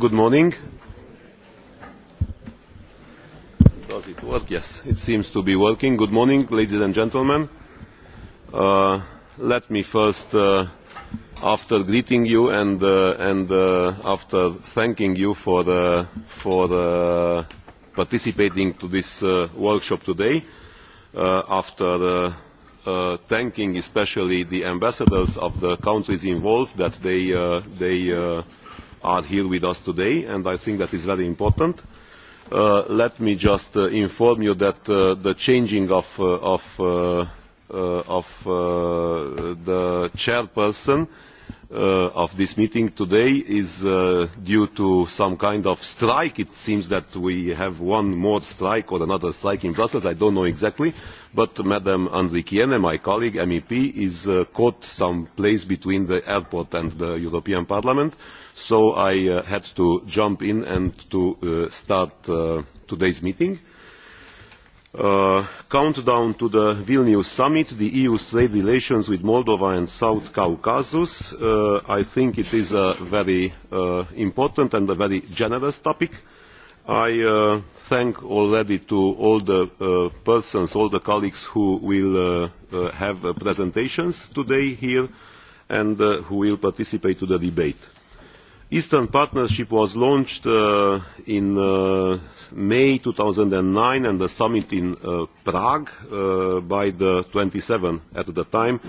Good morning. Does it work? Yes, it seems to be working. Good morning, ladies and gentlemen. Let me first, after greeting you and and after thanking you for for participating to this workshop today, after thanking especially the ambassadors of the countries involved that they they are here with us today and I think that is very important. Let me just inform you that the changing of of of the chairperson of this meeting today is due to some kind of strike. It seems that we have one more strike or another strike in Brussels. I don't know exactly but Madam andrikien my colleague, MEP, is caught some place between the airport and the European Parliament, so I had to jump in and to start today's meeting. Countdown to the Vilnius Summit, the EU's trade relations with Moldova and South Caucasus. I think it is a very important and a very generous topic. I thank already to all the persons, all the colleagues who will have presentations today here and who will participate to the debate. Eastern Partnership was launched in May 2009 and the summit in Prague by the 27 at the time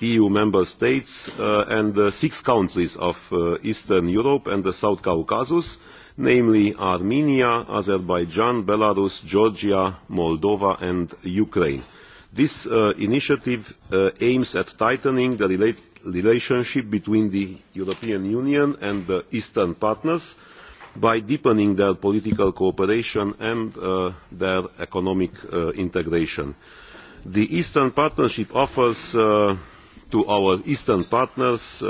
EU member states and six countries of Eastern Europe and the South Caucasus namely Armenia, Azerbaijan, Belarus, Georgia, Moldova and Ukraine. This initiative aims at tightening the relationship between the European Union and the Eastern partners by deepening their political cooperation and their economic integration. The Eastern Partnership offers to our Eastern partners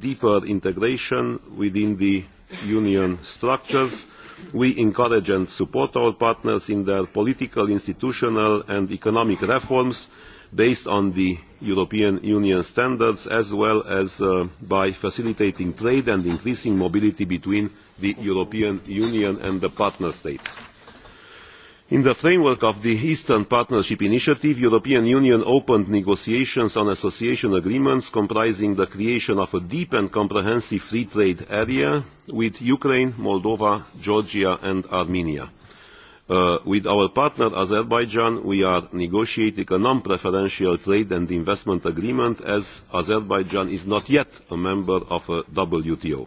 deeper integration within the Union structures. We encourage and support our partners in their political, institutional and economic reforms based on the European Union standards as well as by facilitating trade and increasing mobility between the European Union and the partner states. In the framework of the Eastern Partnership Initiative, the European Union opened negotiations on association agreements comprising the creation of a deep and comprehensive free trade area with Ukraine, Moldova, Georgia and Armenia. With our partner Azerbaijan, we are negotiating a non-preferential trade and investment agreement as Azerbaijan is not yet a member of a WTO.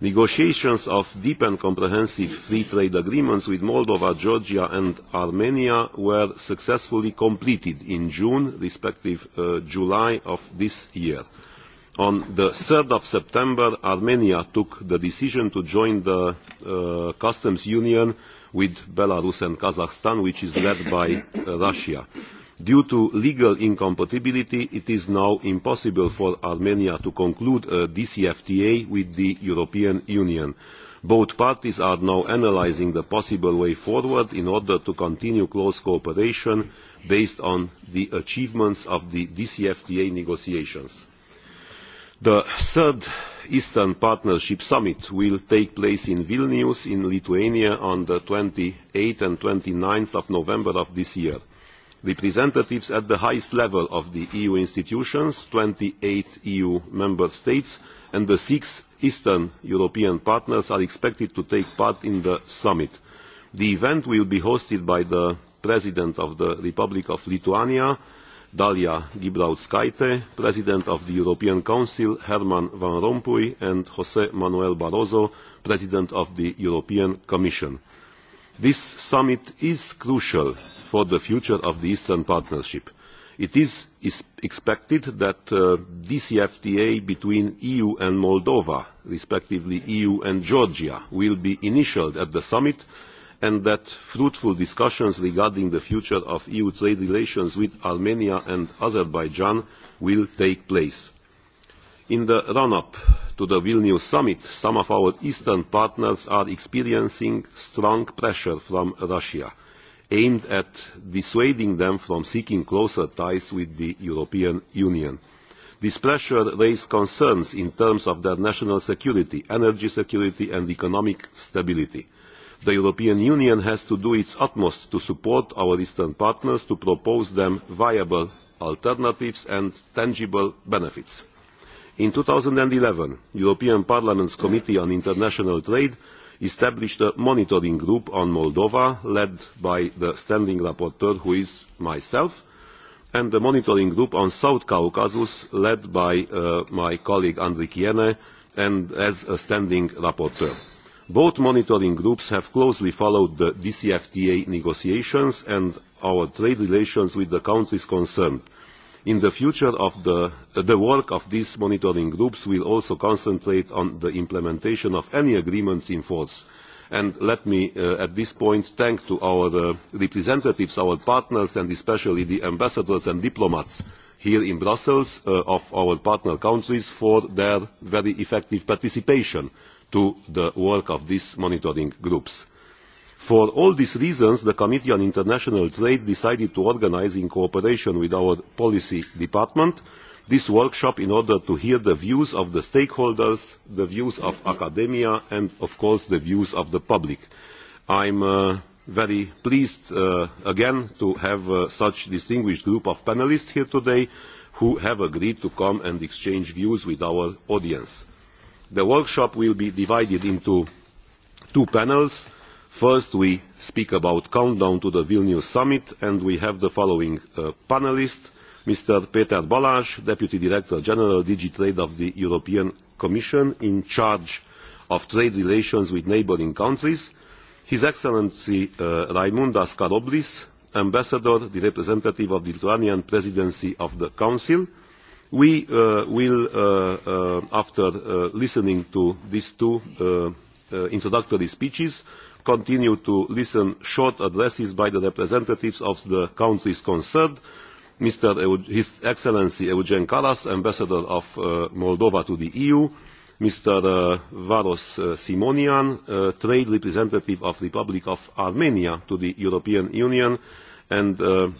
Negotiations of deep and comprehensive free trade agreements with Moldova, Georgia and Armenia were successfully completed in June, respective July of this year. On the 3rd of September, Armenia took the decision to join the customs union with Belarus and Kazakhstan, which is led by Russia. Due to legal incompatibility, it is now impossible for Armenia to conclude a DCFTA with the European Union. Both parties are now analysing the possible way forward in order to continue close cooperation based on the achievements of the DCFTA negotiations. The third Eastern Partnership Summit will take place in Vilnius in Lithuania on the 28 and 29 of November of this year representatives at the highest level of the EU institutions, 28 EU member states, and the six Eastern European partners are expected to take part in the summit. The event will be hosted by the President of the Republic of Lithuania, Dalia Grybauskaitė, President of the European Council, Herman Van Rompuy, and José Manuel Barroso, President of the European Commission. This summit is crucial for the future of the Eastern Partnership. It is expected that DCFTA between EU and Moldova, respectively EU and Georgia, will be initialled at the summit and that fruitful discussions regarding the future of EU trade relations with Armenia and Azerbaijan will take place. In the run-up to the Vilnius summit, some of our eastern partners are experiencing strong pressure from Russia aimed at dissuading them from seeking closer ties with the European Union. This pressure raised concerns in terms of their national security, energy security and economic stability. The European Union has to do its utmost to support our Eastern partners to propose them viable alternatives and tangible benefits. In 2011, the European Parliament's Committee on International Trade established a monitoring group on Moldova led by the standing rapporteur who is myself and the monitoring group on South Caucasus led by my colleague Kiene and as a standing rapporteur. Both monitoring groups have closely followed the DCFTA negotiations and our trade relations with the countries concerned. In the future, of the work of these monitoring groups will also concentrate on the implementation of any agreements in force. And let me at this point thank to our representatives, our partners, and especially the ambassadors and diplomats here in Brussels of our partner countries for their very effective participation to the work of these monitoring groups. For all these reasons, the Committee on International Trade decided to organize, in cooperation with our policy department, this workshop in order to hear the views of the stakeholders, the views of academia, and, of course, the views of the public. I'm very pleased, again, to have such a distinguished group of panelists here today who have agreed to come and exchange views with our audience. The workshop will be divided into two panels First, we speak about countdown to the Vilnius summit, and we have the following panelists. Mr. Peter Balázs, Deputy Director General, DG Trade of the European Commission, in charge of trade relations with neighbouring countries. His Excellency Raimundas Karoblis, Ambassador, the representative of the Lithuanian Presidency of the Council. We will, after listening to these two introductory speeches, continue to listen short addresses by the representatives of the countries concerned, Mr. His Excellency Eugen Karas, Ambassador of Moldova to the EU, Mr. Varos Simonian, Trade Representative of the Republic of Armenia to the European Union, and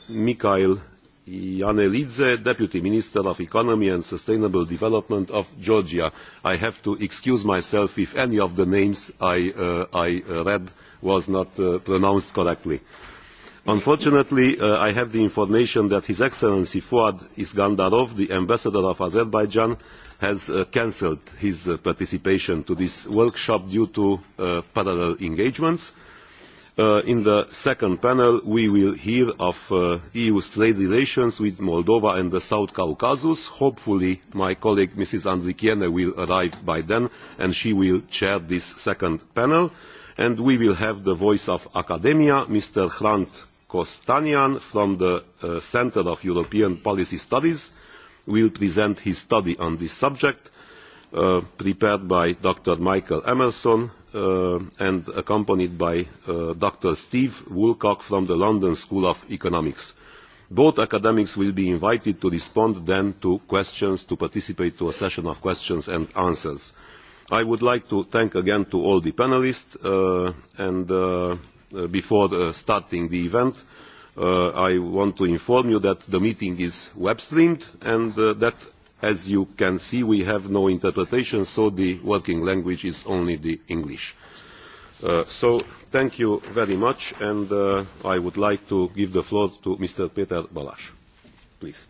Mikhail Yanelidze, Deputy Minister of Economy and Sustainable Development of Georgia. I have to excuse myself if any of the names I read was not pronounced correctly. Unfortunately, I have the information that His Excellency Fuad Isgandarov, the Ambassador of Azerbaijan, has cancelled his participation to this workshop due to parallel engagements. In the second panel, we will hear of EU's trade relations with Moldova and the South Caucasus. Hopefully, my colleague Mrs. Andrikiene will arrive by then, and she will chair this second panel. And we will have the voice of academia, Mr. Hrant Kostanian from the Centre of European Policy Studies, will present his study on this subject prepared by Dr. Michael Emerson and accompanied by Dr. Steve Woolcock from the London School of Economics. Both academics will be invited to respond then to questions, to participate to a session of questions and answers. I would like to thank again to all the panelists and before starting the event, I want to inform you that the meeting is web-streamed and that As you can see, we have no interpretation, so the working language is only the English. So thank you very much, and I would like to give the floor to Mr. Peter Balas. Please.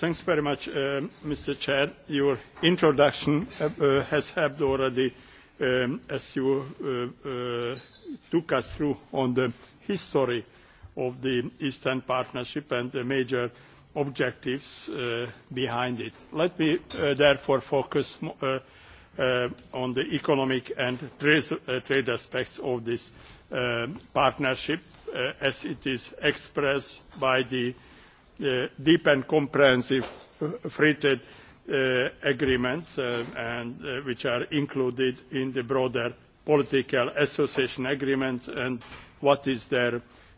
Thanks very much, Mr. Chair. Your introduction has helped already as you took us through on the history of the Eastern Partnership and the major objectives behind it. Let me therefore focus on the economic and trade aspects of this partnership as it is expressed by the deep and comprehensive free trade agreements which are included in the broader political association agreements and what is their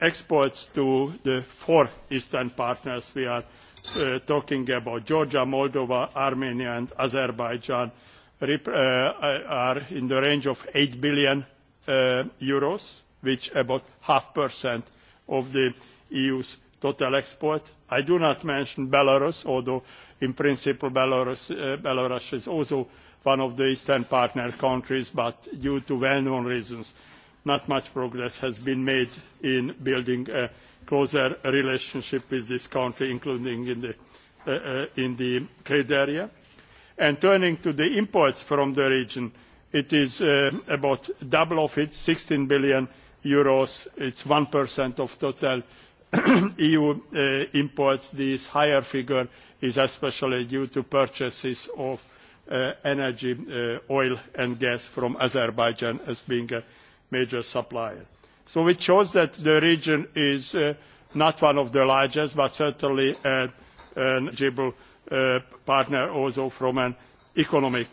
exports to the four eastern partners we are talking about Georgia, Moldova, Armenia and Azerbaijan are in the range of 8 billion euros, which about half percent of the EU's total export. I do not mention Belarus, although in principle Belarus is also one of the eastern partner countries, but due to well-known reasons not much progress has been made in building a closer relationship with this country, including in the trade area. And turning to the imports from the region, it is about double of it, 16 billion euros. It's 1% of total EU imports. This higher figure is especially due to purchases of energy, oil and gas from Azerbaijan as being major supplier. So it shows that the region is not one of the largest, but certainly an eligible partner also from an economic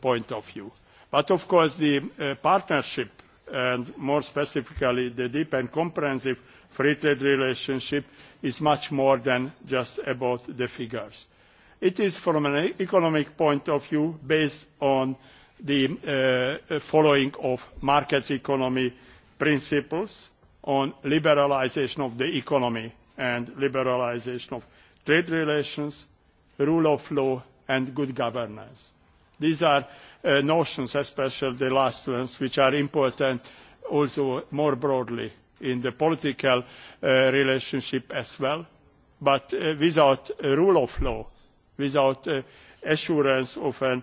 point of view. But of course the partnership and more specifically the deep and comprehensive free trade relationship is much more than just about the figures. It is from an economic point of view based on the following of market economy principles on liberalisation of the economy and liberalisation of trade relations, rule of law and good governance. These are notions, especially the last ones, which are important also more broadly in the political relationship as well. But without rule of law, without assurance of an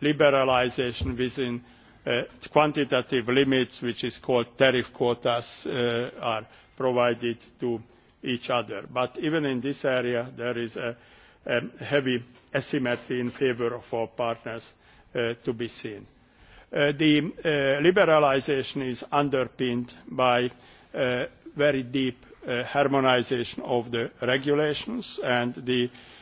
liberalisation within quantitative limits, which is called tariff quotas, are provided to each other. But even in this area, there is a heavy asymmetry in favour of our partners to be seen. The liberalisation is underpinned by very deep harmonisation of the regulations and the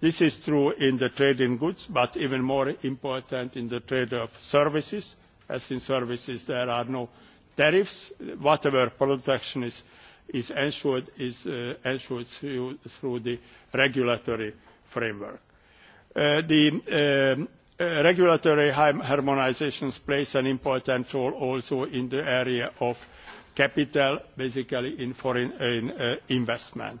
This is true in the trade in goods, but even more important in the trade of services, as in services there are no tariffs. Whatever protection is ensured is ensured through the regulatory framework. The regulatory harmonisation plays an important role also in the area of capital, basically in foreign investment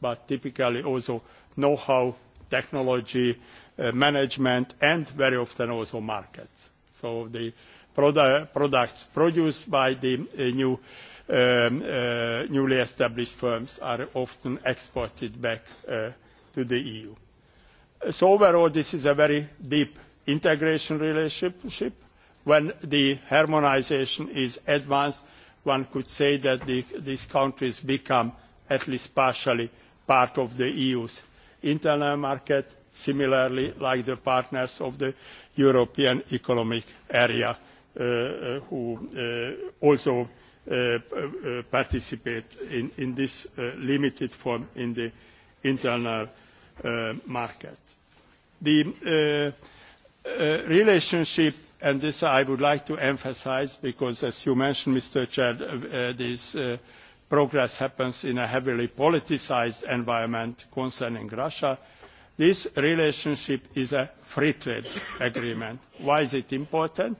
but typically also know-how, technology, management, and very often also markets. So the products produced by the new newly established firms are often exported back to the EU. So overall, this is a very deep integration relationship. When the harmonisation is advanced, one could say that these countries become, at least partially, part of the EU's internal market, similarly like the partners of the European Economic Area who also participate in this limited form in the internal market. The relationship, and this I would like to emphasise, because as you mentioned, Mr. Chair, this progress happens in a heavily politicised environment concerning Russia. This relationship is a free trade agreement. Why is it important?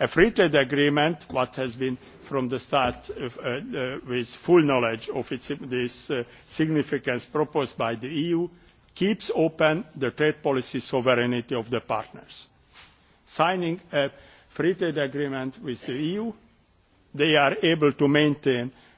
A free trade agreement, what has been from the start with full knowledge of its significance proposed by the EU, keeps open the trade policy sovereignty of the partners. Signing a free trade agreement with the EU, they are able to maintain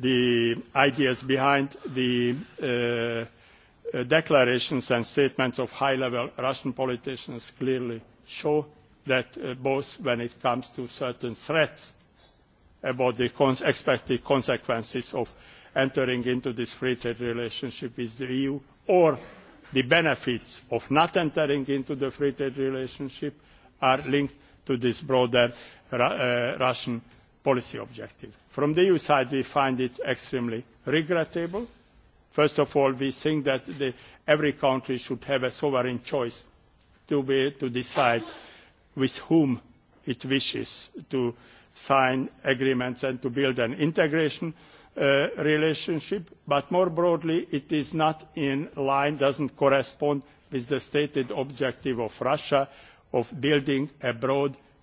the ideas behind the declarations and statements of high level russian politicians clearly show that both when it comes to certain threats about the expected consequences of entering into this free trade relationship with the eu or the benefits of not entering into the free trade relationship are linked to this broader russian policy objective. From the EU side, we find it extremely regrettable. First of all, we think that every country should have a sovereign choice to decide with whom it wishes to sign agreements and to build an integration relationship. But more broadly, it is not in line, doesn't correspond with the stated objective of Russia of building a broad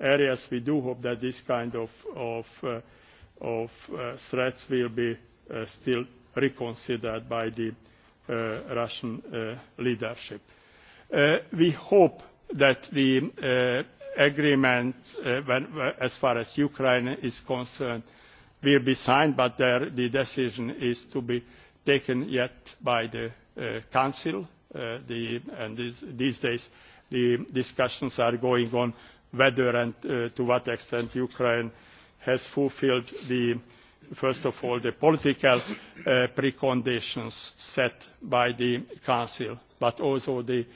areas we do hope that this kind of threats will be still reconsidered by the Russian leadership. We hope that the agreement as far as Ukraine is concerned will be signed, but the decision is to be taken yet by the Council and these days the discussions are going on whether and to what extent Ukraine has fulfilled the first of all the political preconditions set by the Council, but also the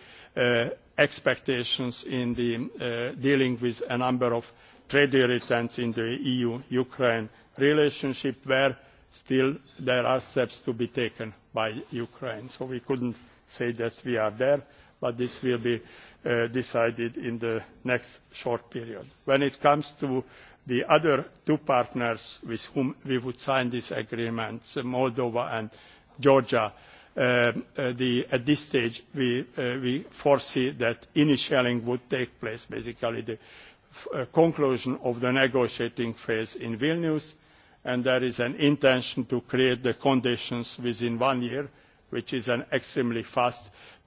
expectations in the dealing with a number of trade irritants in the EU Ukraine relationship where still there are steps to be taken by Ukraine. So we couldn't say that we are there, but this will be decided in the next short period. When it comes to the other two partners with whom we would sign these agreements, Moldova and Georgia, at this stage we foresee that initialing would take place, basically the conclusion of the negotiating phase in Vilnius, and there is an intention to create the conditions within one year, which is an extremely fast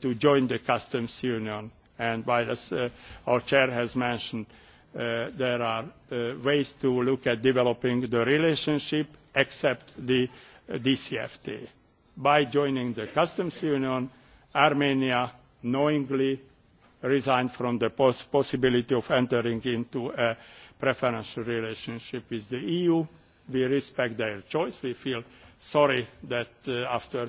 to join the customs union. And while, as our chair has mentioned, there are ways to look at developing the relationship except the DCFT. By joining the customs union, Armenia knowingly resigned from the possibility of entering into a preferential relationship with the EU. We respect their choice. We feel sorry that after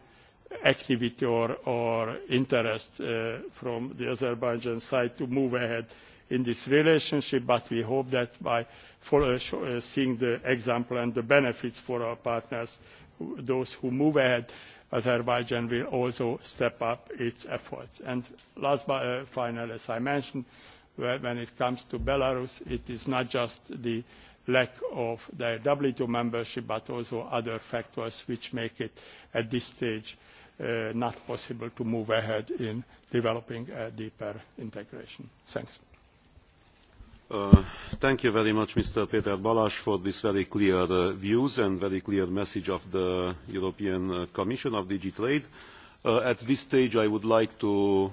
activity or interest from the Azerbaijan side to move ahead in this relationship, but we hope that by seeing the example and the benefits for our partners, those who move ahead, Azerbaijan will also step up its efforts. And last but final, as I mentioned, when it comes to Belarus, it is not just the lack of their WTO membership, but also other factors which make it at this stage not possible to move ahead in developing a deeper integration. Thanks. Thank you very much, Mr. Peter Balas, for this very clear views and very clear message of the European Commission of trade. At this stage, I would like to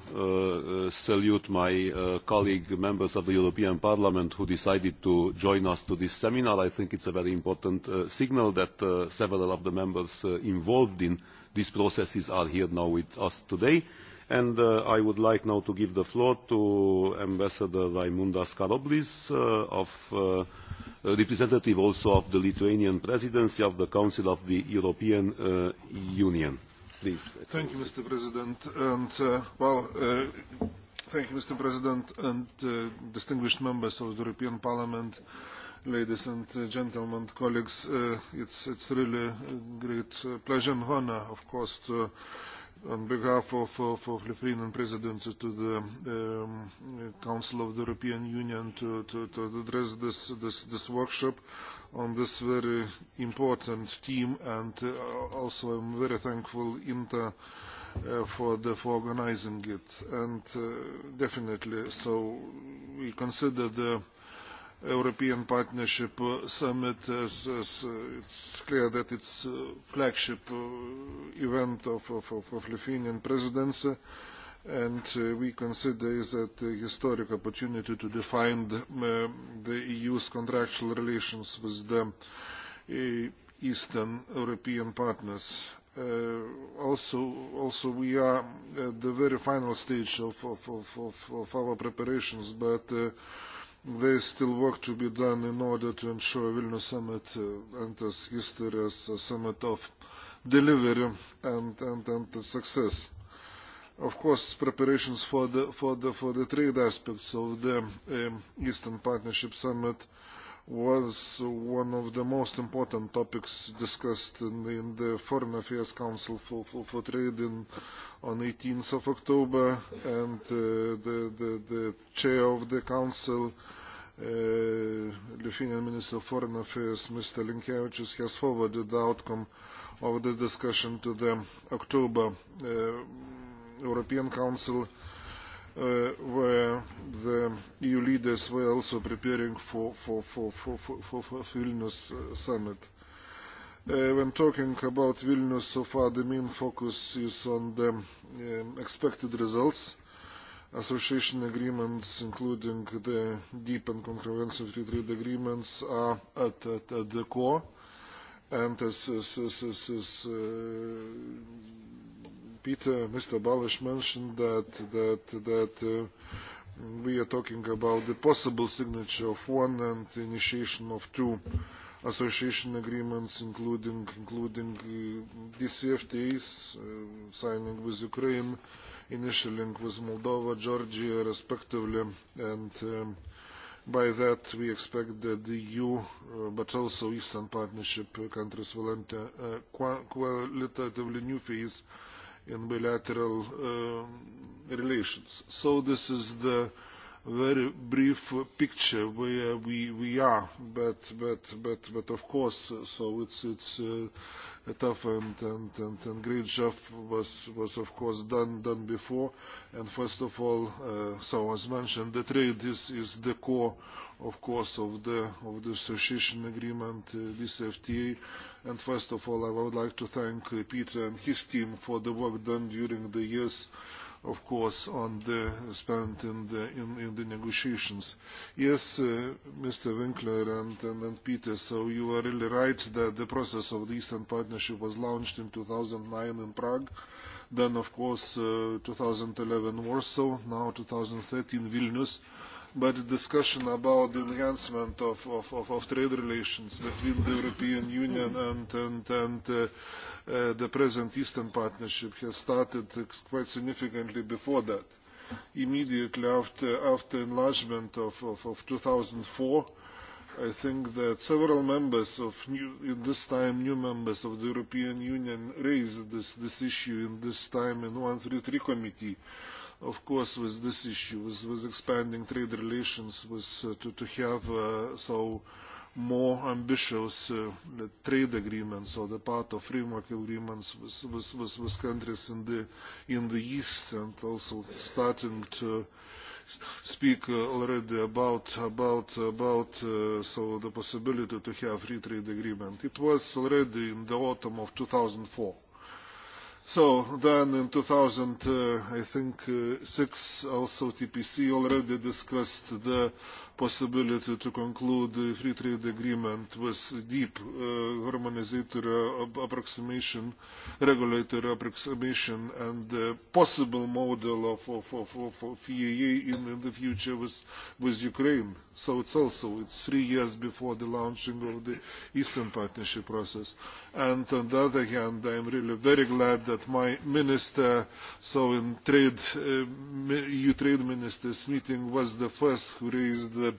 salute my colleague members of the European Parliament who decided to join us to this seminar. I think it's a very important signal that several of the members involved in These processes are here now with us today. And I would like now to give the floor to Ambassador Skaroblis, Karoblis, of representative also of the Lithuanian Presidency of the Council of the European Union. Please. Thank you, Mr. President. And, well, thank you, Mr. President, and distinguished members of the European Parliament ladies and gentlemen, colleagues, it's it's really a great pleasure and honor, of course, to on behalf of the Lithuanian Presidency to the Council of the European Union to to to address this this this workshop on this very important team and also I'm very thankful Inter for the for organizing it and definitely so we consider the European Partnership Summit. It's clear that it's a flagship event of Lithuanian presidency, and we consider it a historic opportunity to define the EU's contractual relations with the Eastern European partners. Also, we are at the very final stage of our preparations, but There is still work to be done in order to ensure Vilnius Summit enters history as a summit of delivery and success. Of course, preparations for the trade aspects of the Eastern Partnership Summit was one of the most important topics discussed in the Foreign Affairs Council for Trade on 18th of October, and the chair of the council, Lithuanian Minister of Foreign Affairs, Mr. Linkevičius, has forwarded the outcome of this discussion to the October European Council where the EU leaders were also preparing for for for for for Vilnius summit. When talking about Vilnius so far, the main focus is on the expected results, association agreements, including the deep and comprehensive trade agreements, are at the core Das Peter, Mr. Balish mentioned that we are talking about the possible signature of one and initiation of two association agreements, including including DCFTAs, signing with Ukraine, initialing with Moldova, Georgia, respectively, and By that, we expect that the EU, but also Eastern Partnership countries, will enter a qualitatively new phase in bilateral relations. So this is the very brief picture where we we are, but but but of course, so it's it's a tough and and and great job was was of course done done before, and first of all, so as mentioned, the trade is is the core, of course, of the of the association agreement, this FTA, and first of all, I would like to thank Peter and his team for the work done during the years of course, on the spent in the in the negotiations. Yes, Mr. Winkler and and Peter, so you are really right that the process of the Eastern Partnership was launched in 2009 in Prague. Then, of course, 2011 Warsaw, now 2013 Vilnius but the discussion about the enhancement of, of, of, of trade relations between the European Union and, and, and the present Eastern Partnership has started quite significantly before that. Immediately after, after enlargement of, of, 2004, I think that several members of new, in this time new members of the European Union raised this, this issue in this time in 133 committee of course, with this issue, with expanding trade relations, to have so more ambitious trade agreements or the part of framework agreements with countries in the East and also starting to speak already about about about so the possibility to have free trade agreement. It was already in the autumn of 2004 So then in 2000, I think, six also TPC already discussed the possibility to conclude the free trade agreement with deep harmonisator approximation, regulatory approximation, and the possible model of FEA in the future with Ukraine. So it's also it's three years before the launching of the Eastern Partnership process. And on the other hand, am really very glad that that my minister, so in trade, EU trade ministers meeting was the first who raised the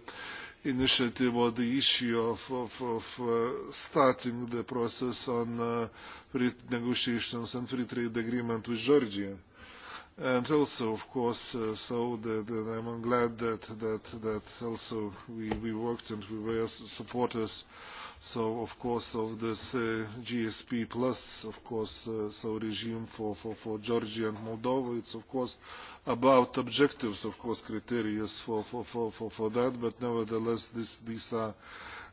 initiative or the issue of starting the process on free negotiations and free trade agreement with Georgia. And also, of course, so that I'm glad that that that also we worked and we were supporters So of course, of this GSP plus, of course, so regime for for Georgia and Moldova, it's of course about objectives, of course, criteria for for for for that. But nevertheless, this these are,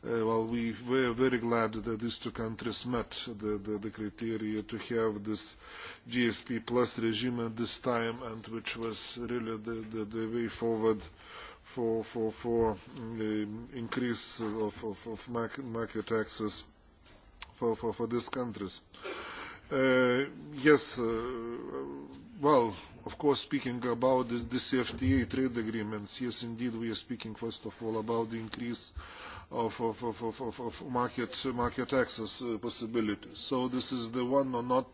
well, we were very glad that these two countries met the the criteria to have this GSP plus regime at this time, and which was really the the way forward for for for increase of of market taxes for for for these countries. Yes, well, of course, speaking about the CFTA trade agreements, yes, indeed, we are speaking first of all about the increase of of of of market market access possibilities. So this is the one or not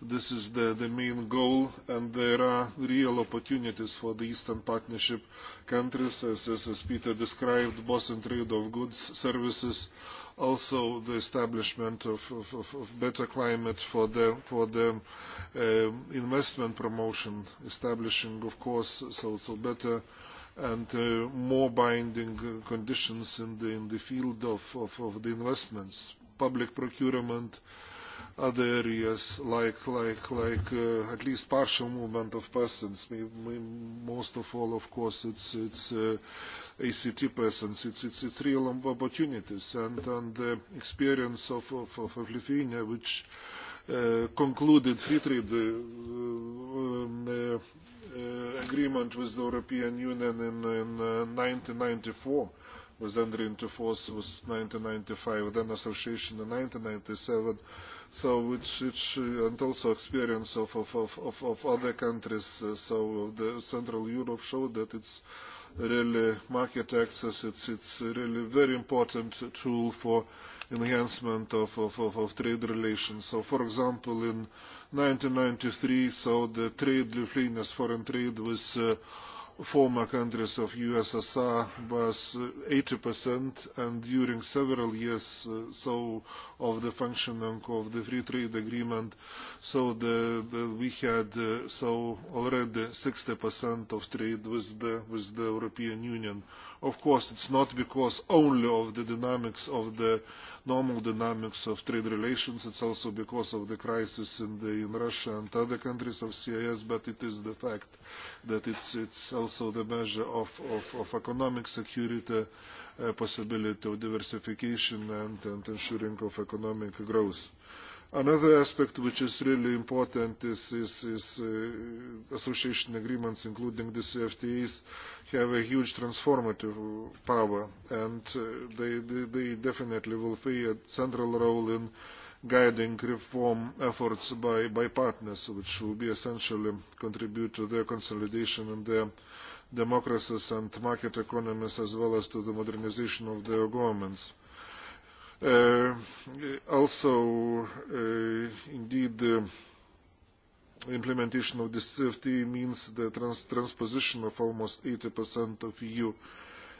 This is the main goal, and there are real opportunities for the Eastern Partnership countries, as Peter described, both in trade of goods, services, also the establishment of better climate for the investment promotion, establishing, of course, so better and more binding conditions in the field of the investments, public procurement other areas like like like at least partial movement of persons most of all of course it's it's ACT persons it's it's real opportunities and and the experience of of of Lithuania which concluded free trade agreement with the European Union in 1994 was entered into force was 1995, then association in 1997, so which, which and also experience of, of, of, of other countries. So the Central Europe showed that it's really market access, it's, it's really very important tool for enhancement of, of, of, of trade relations. So, for example, in 1993, so the trade, Lithuania's foreign trade was former countries of USSR was 80% and during several years so of the functioning of the free trade agreement so the, we had so already 60% of trade with with the European Union Of course, it's not because only of the dynamics of the normal dynamics of trade relations. It's also because of the crisis in Russia and other countries of CIS, but it is the fact that it's also the measure of economic security, possibility of diversification and ensuring of economic growth. Another aspect which is really important is association agreements, including the CFTAs, have a huge transformative power, and they definitely will play a central role in guiding reform efforts by partners, which will be essentially contribute to their consolidation and their democracies and market economies, as well as to the modernization of their governments. Also, indeed, implementation of this CFT means the transposition of almost 80% of EU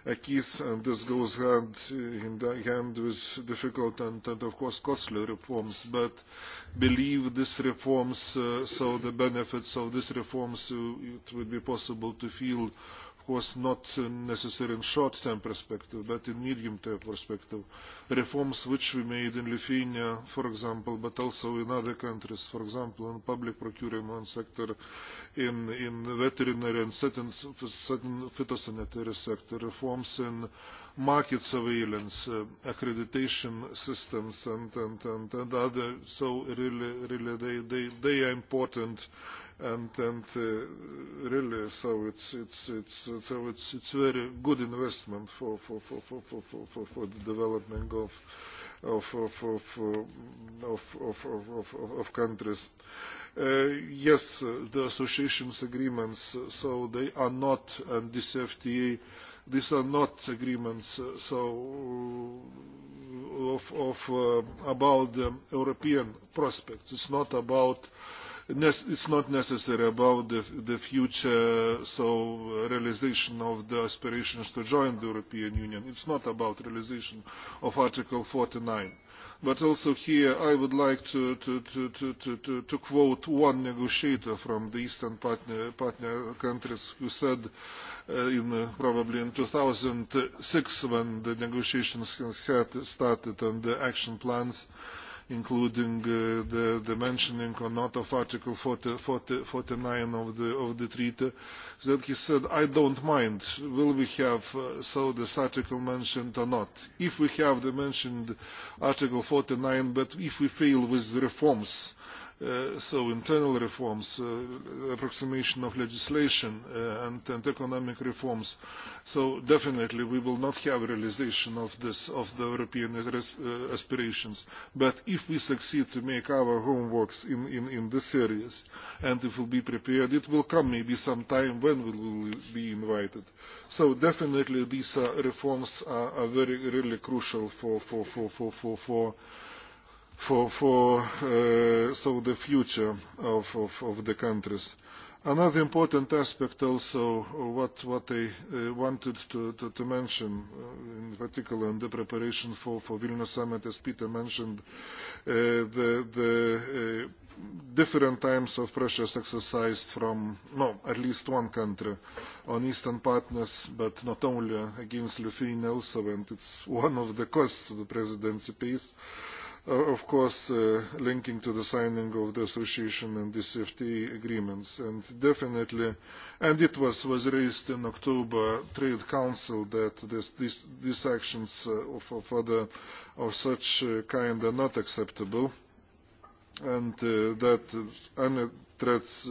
acquis, and this goes hand in hand with difficult and, of course, costly reforms. But believe these reforms, so the benefits of these reforms, it would be possible to feel was not necessary in short-term perspective, but in medium-term perspective. Reforms which we made in Lithuania, for example, but also in other countries, for example, in public procurement sector, in in veterinary and certain phytosanitary sector, reforms in market surveillance, accreditation systems and and and and other. So really really they they they are important and and really so it's it's it's it's it's so very good investment for for for for for for for the development of of of of of countries. Yes, the associations agreements, so they are not, and this FTA These are not agreements so of about the European prospects. It's not about it's not necessary about the future so realization of the aspirations to join the European Union. It's not about realization of Article 49. But also here I would like to quote one negotiator from the Eastern partner countries who said in probably in 2006 when the negotiations had started on the action plans including the mentioning or not of Article 49 of the treaty, that he said, I don't mind, will we have so this article mentioned or not. If we have the mentioned Article 49, but if we fail with the reforms so internal reforms, approximation of legislation and economic reforms. So definitely we will not have realization of this of the European aspirations. But if we succeed to make our homeworks in in in this series and if we be prepared, it will come maybe some time when we will be invited. So definitely these reforms are very really crucial for for for for for for so the future of the countries. Another important aspect also what what I wanted to mention in particular in the preparation for for Vilnius summit as Peter mentioned the different times of pressures exercised from no at least one country on eastern partners but not only against Lithuania also and it's one of the costs of the presidency peace of course linking to the signing of the association and safety agreements. And definitely, and it was raised in October Trade Council that these actions of such kind are not acceptable and that any threats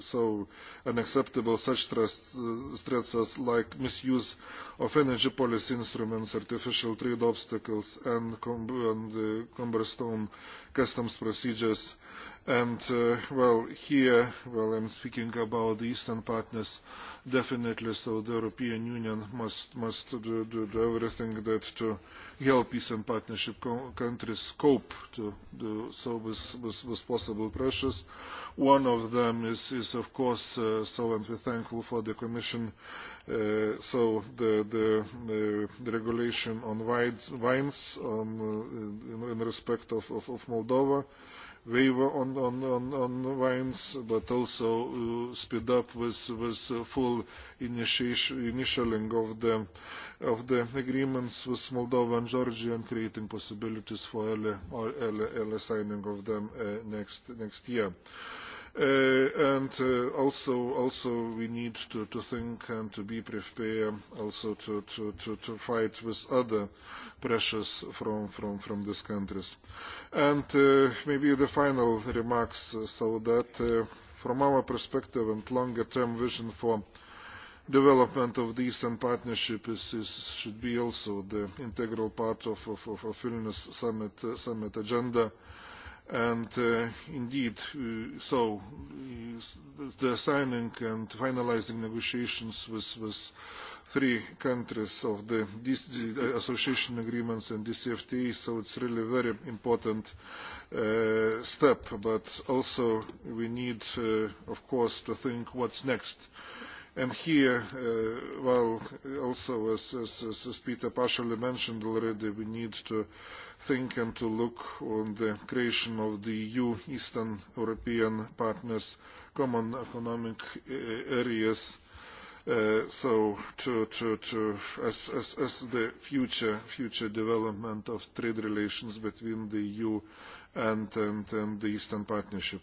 so unacceptable such threats as like misuse of energy policy instruments artificial trade obstacles and cumbersome customs procedures And, well, here, well, I'm speaking about the Eastern partners, definitely, so the European Union must must do everything that to help Eastern partnership countries cope to do so with possible pressures. One of them is, of course, so, and we're thankful for the Commission, so the the regulation on wines in respect of Moldova waiver on on wines, but also speed up with full initialing of the of the agreements with Moldova and Georgia and creating possibilities for early signing of them next year and also also we need to to think and to be prepared also to to to fight with other pressures from from from these countries and maybe the final remarks so that from our perspective and longer term vision for development of the eastern partnership is is should be also the integral part of of of vilnius summit summit agenda and indeed so the signing and finalising negotiations with three countries of the association agreements and DCFTA, so it's really a very important step, but also we need, of course, to think what's next And here, well, also as Peter partially mentioned already, we need to think and to look on the creation of the EU Eastern European partners' common economic areas, so to as the future development of trade relations between the EU and the Eastern Partnership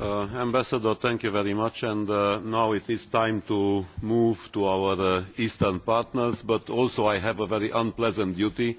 Ambassador, thank you very much. And now it is time to move to our eastern partners, but also I have a very unpleasant duty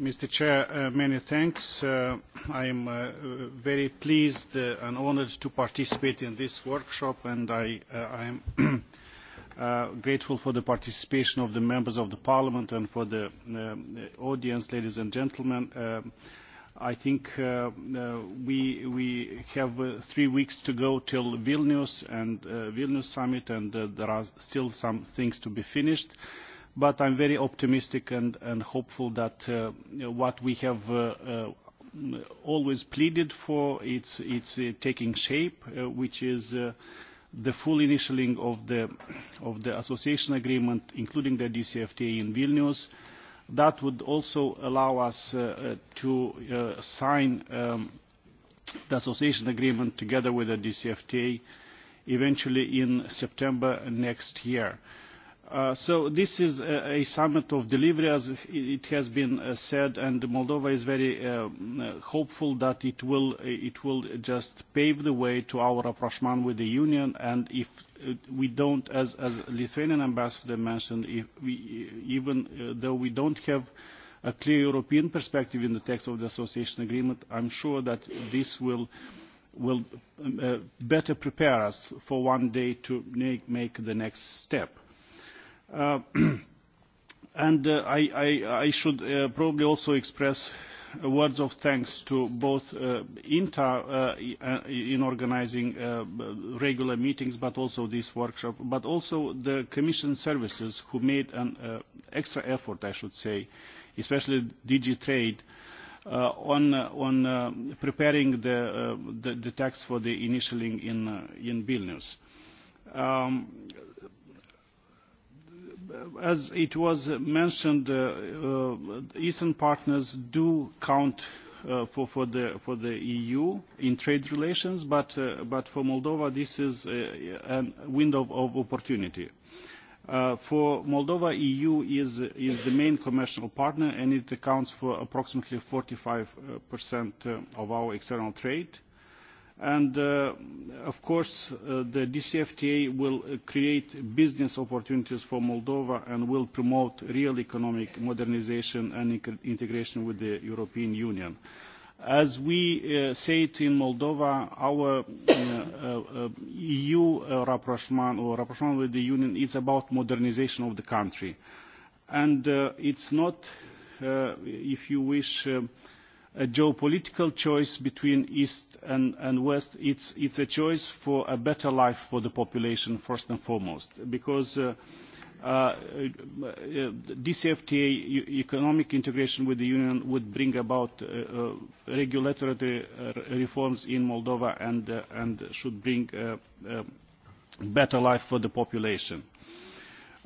Mr. Chair, many thanks. I am very pleased and honoured to participate in this workshop and I am grateful for the participation of the members of the Parliament and for the audience, ladies and gentlemen. I think we have three weeks to go till Vilnius and Vilnius summit and there are still some things to be finished but I'm very optimistic and hopeful that what we have always pleaded for, is taking shape, which is the full initialing of the association agreement, including the DCFTA in Vilnius. That would also allow us to sign the association agreement together with the DCFTA eventually in September next year. So this is a summit of delivery, as it has been said, and Moldova is very hopeful that it will it will just pave the way to our rapprochement with the Union. And if we don't, as as Lithuanian ambassador mentioned, we even though we don't have a clear European perspective in the text of the association agreement, I'm sure that this will will better prepare us for one day to make the next step. And I should probably also express words of thanks to both INTA in organising regular meetings, but also this workshop, but also the Commission services who made an extra effort, I should say, especially DigiTrade, on preparing the text for the initialing in Vilnius. As it was mentioned, Eastern partners do count for for the for the EU in trade relations, but but for Moldova this is a window of opportunity. For Moldova, EU is is the main commercial partner and it accounts for approximately 45% of our external trade And of course, the DCFTA will create business opportunities for Moldova and will promote real economic modernization and integration with the European Union. As we say it in Moldova, our EU rapprochement or rapprochement with the Union is about modernization of the country. And it's not, if you wish, a geopolitical choice between East and West, it's a choice for a better life for the population first and foremost, because DCFTA economic integration with the Union would bring about regulatory reforms in Moldova and should bring better life for the population.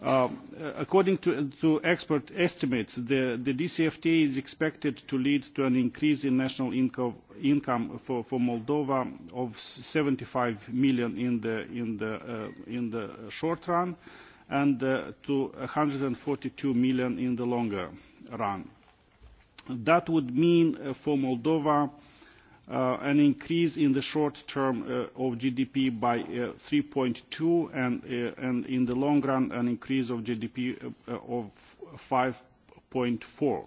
According to expert estimates, the DCFTA is expected to lead to an increase in national income for Moldova of 75 million in the short run and to 142 million in the longer run. That would mean for Moldova an increase in the short term of GDP by 3.2 and in the long run an increase of GDP of 5.4.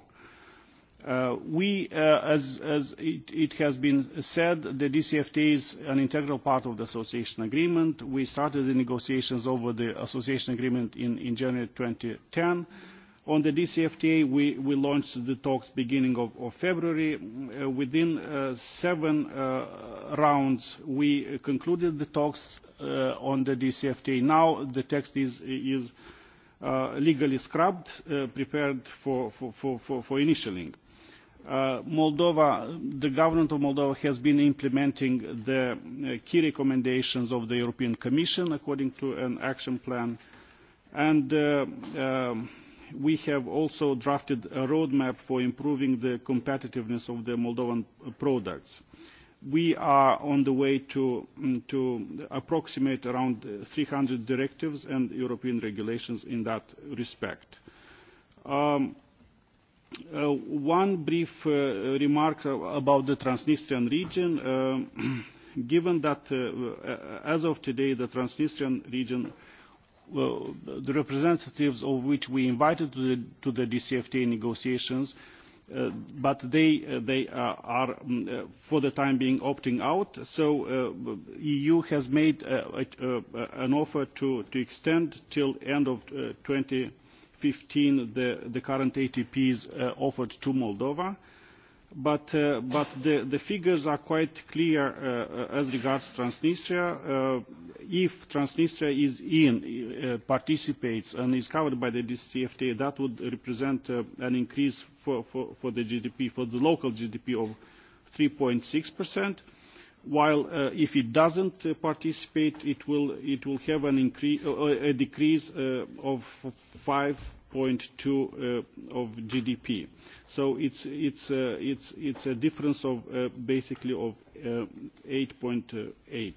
We, as it has been said, the DCFTA is an integral part of the association agreement. We started the negotiations over the association agreement in January 2010 On the DCFTA, we launched the talks beginning of February. Within seven rounds, we concluded the talks on the DCFTA. Now the text is legally scrubbed, prepared for initialing. Moldova, the government of Moldova has been implementing the key recommendations of the European Commission according to an action plan. And we have also drafted a roadmap for improving the competitiveness of the Moldovan products. We are on the way to approximate around 300 directives and European regulations in that respect. One brief remark about the Transnistrian region. Given that as of today the Transnistrian region the representatives of which we invited to the DCFTA negotiations, but they are, for the time being, opting out. So the EU has made an offer to extend till end of 2015 the current ATPs offered to Moldova But the figures are quite clear as regards Transnistria. If Transnistria is in, participates and is covered by the DCFTA, that would represent an increase for the GDP, for the local GDP of 3.6%, while if it doesn't participate, it will have a decrease of 5 0.2 of GDP. So it's it's it's a difference of basically of 8.8.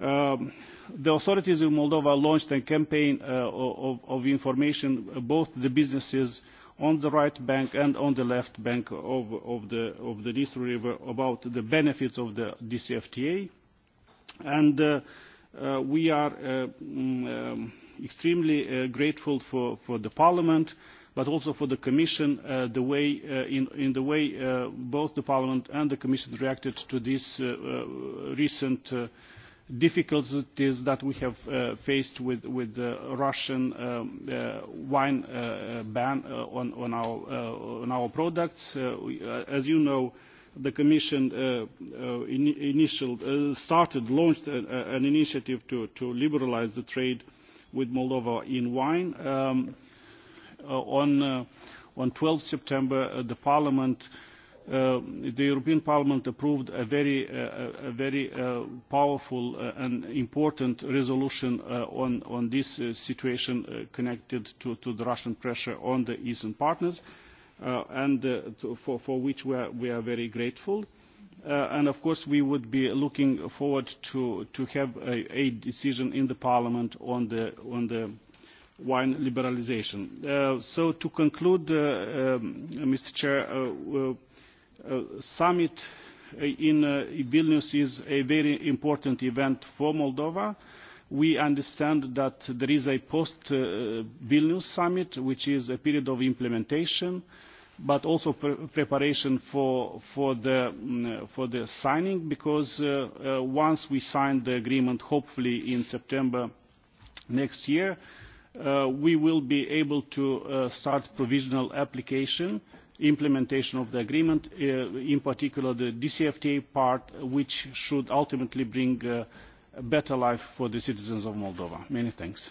The authorities in Moldova launched a campaign of information both the businesses on the right bank and on the left bank of the of the River about the benefits of the DCFTA, and we are extremely grateful for Parliament, but also for the Commission, the way in the way both Parliament and the Commission reacted to these recent difficulties that we have faced with with the Russian wine ban on our products. As you know, the Commission started launched an initiative to to liberalise the trade with Moldova in wine. On 12 September, the Parliament, the European Parliament approved a very powerful and important resolution on this situation connected to the Russian pressure on the Eastern partners, and for which we are very grateful and of course we would be looking forward to to have a decision in the parliament on the on the wine liberalisation. so to conclude mr chair summit in vilnius is a very important event for moldova we understand that there is a post vilnius summit which is a period of implementation but also preparation for the signing, because once we sign the agreement, hopefully in September next year, we will be able to start provisional application, implementation of the agreement, in particular the DCFTA part, which should ultimately bring a better life for the citizens of Moldova. Many thanks.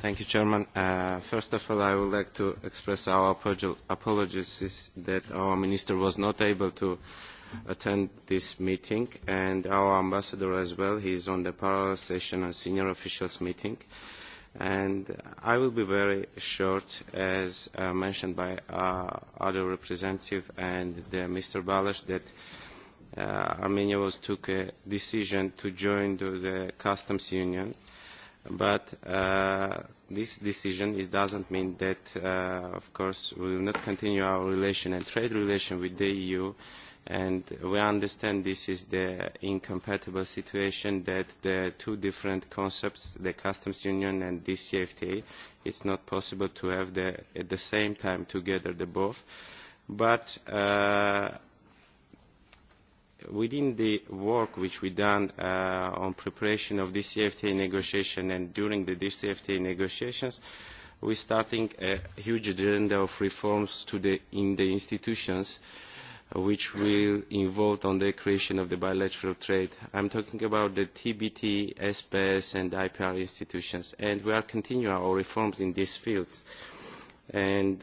Thank you, Chairman. First of all, I would like to express our apologies that our Minister was not able to attend this meeting, and our Ambassador as well. He is on the parallel session on senior officials meeting. And I will be very short, as mentioned by other representative and Mr. Balash, that Armenia was took a decision to join the customs union But this decision does doesn't mean that, of course, we will not continue our relation and trade relation with the EU. And we understand this is the incompatible situation that the two different concepts, the customs union and DCFTA, it's not possible to have at the same time together the both. But within the work which we done on preparation of CFTA negotiation and during the CFTA negotiations, we starting a huge agenda of reforms in the institutions which will involve on the creation of the bilateral trade. I'm talking about the TBT, SPS and IPR institutions and we are continuing our reforms in these fields. And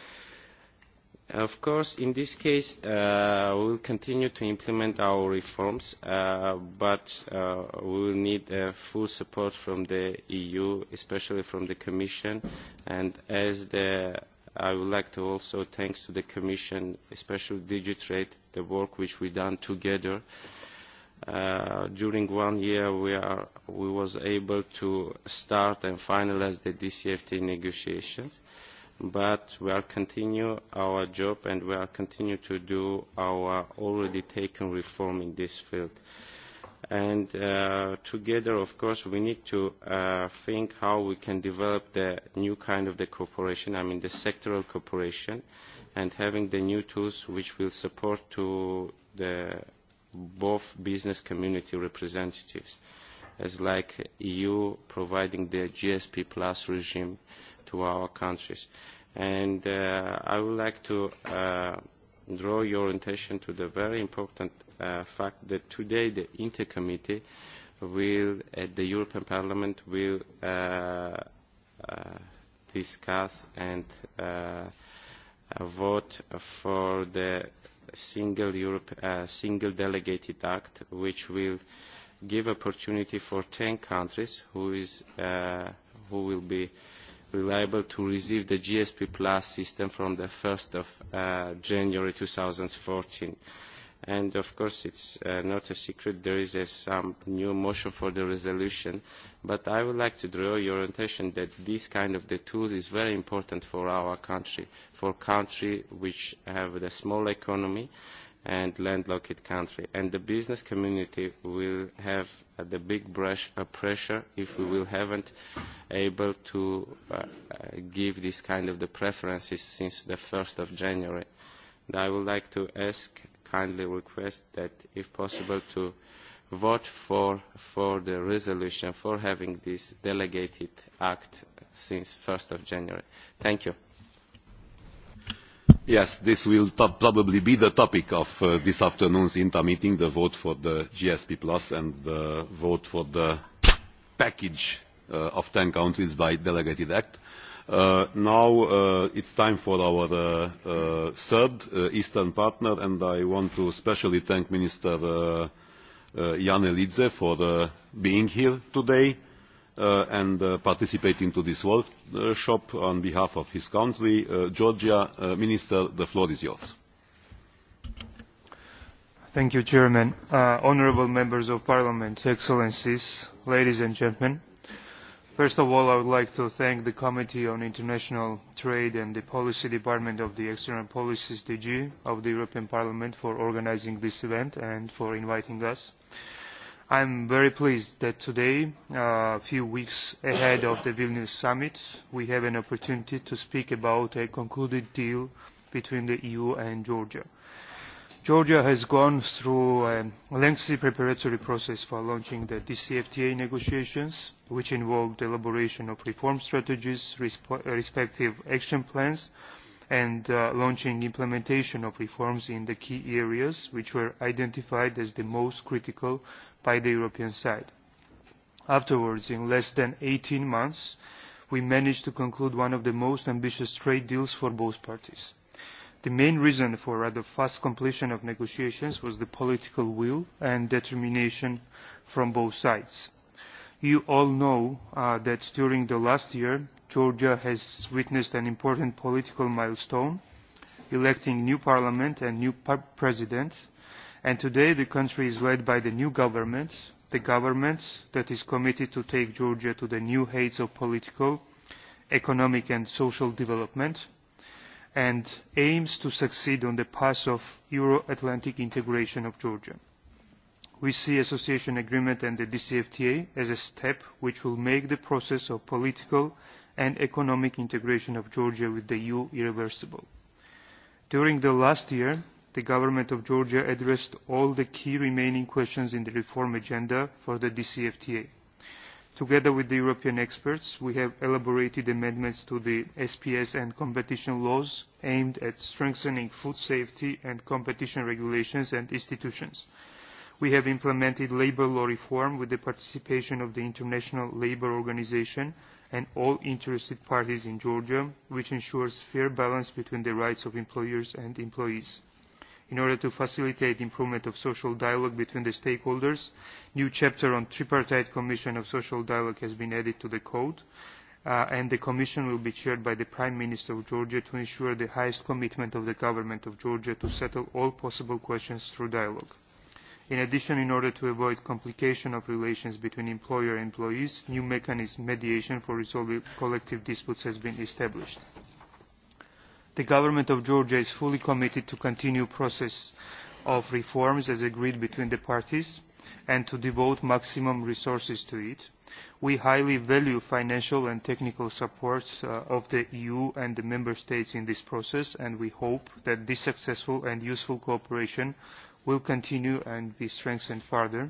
Of course, in this case, we will continue to implement our reforms, but we will need full support from the EU, especially from the Commission. And as the, I would like to also thanks to the Commission, especially Digitrade, the work which we done together. During one year, we are we was able to start and finalize the DCFT negotiations but we are continue our job and we are continue to do our already taken reform in this field. And together, of course, we need to think how we can develop the new kind of the cooperation, I mean the sectoral cooperation, and having the new tools which will support to the both business community representatives, as like EU providing the GSP plus regime to our countries. And I would like to draw your attention to the very important fact that today the Intercommittee will, at the European Parliament, will discuss and vote for the single Europe single delegated act which will give opportunity for 10 countries who is who will be able to receive the GSP Plus system from the 1st of January 2014. And of course, it's not a secret there is some new motion for the resolution, but I would like to draw your attention that this kind of the tools is very important for our country, for countries which have a small economy and landlocked country. And the business community will have the big brush of pressure if we will haven't able to give this kind of the preferences since the 1st of January. And I would like to ask, kindly request that if possible to vote for, for the resolution for having this delegated act since 1st of January. Thank you. Yes, this will probably be the topic of this afternoon's INTA meeting, the vote for the GSP Plus and the vote for the package of 10 countries by delegated act. Now it's time for our third Eastern partner, and I want to especially thank Minister jan Janelidze for being here today and participating to this workshop on behalf of his country, Georgia. Minister, the floor is yours. Thank you, Chairman. Honourable members of Parliament, Excellencies, ladies and gentlemen. First of all, I would like to thank the Committee on International Trade and the Policy Department of the External Policy DG of the European Parliament for organising this event and for inviting us. I'm very pleased that today, a few weeks ahead of the Vilnius summit, we have an opportunity to speak about a concluded deal between the EU and Georgia. Georgia has gone through a lengthy preparatory process for launching the DCFTA negotiations, which involved elaboration of reform strategies, respective action plans, and launching implementation of reforms in the key areas which were identified as the most critical by the European side. Afterwards, in less than 18 months, we managed to conclude one of the most ambitious trade deals for both parties. The main reason for rather fast completion of negotiations was the political will and determination from both sides. You all know that during the last year, Georgia has witnessed an important political milestone, electing new parliament and new president, and today the country is led by the new government the government that is committed to take georgia to the new heights of political economic and social development and aims to succeed on the path of euro atlantic integration of georgia. we see the association agreement and the dcfta as a step which will make the process of political and economic integration of georgia with the eu irreversible. during the last year the government of Georgia addressed all the key remaining questions in the reform agenda for the DCFTA. Together with the European experts, we have elaborated amendments to the SPS and competition laws aimed at strengthening food safety and competition regulations and institutions. We have implemented labour law reform with the participation of the International Labour Organization and all interested parties in Georgia, which ensures fair balance between the rights of employers and employees in order to facilitate improvement of social dialogue between the stakeholders. a New chapter on tripartite commission of social dialogue has been added to the code and the commission will be chaired by the prime minister of georgia to ensure the highest commitment of the government of georgia to settle all possible questions through dialogue in addition in order to avoid complication of relations between employer and employees new mechanism mediation for resolving collective disputes has been established The government of Georgia is fully committed to continue process of reforms as agreed between the parties and to devote maximum resources to it. We highly value financial and technical support of the EU and the Member States in this process and we hope that this successful and useful cooperation will continue and be strengthened further.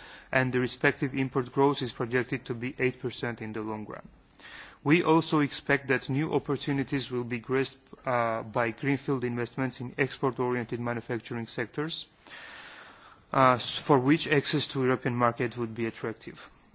and the respective import growth is projected to be 8% in the long run. We also expect that new opportunities will be grasped by greenfield investments in export-oriented manufacturing sectors, for which access to European market would be attractive.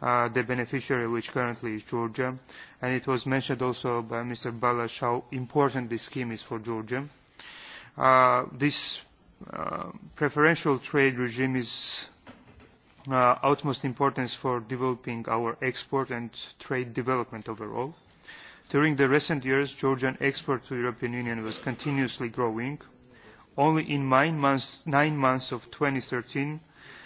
the beneficiary, which currently is Georgia. And it was mentioned also by Mr. Balash how important this scheme is for Georgia. This preferential trade regime is utmost importance for developing our export and trade development overall. During the recent years, Georgian export to the European Union was continuously growing. Only in nine months of 2013,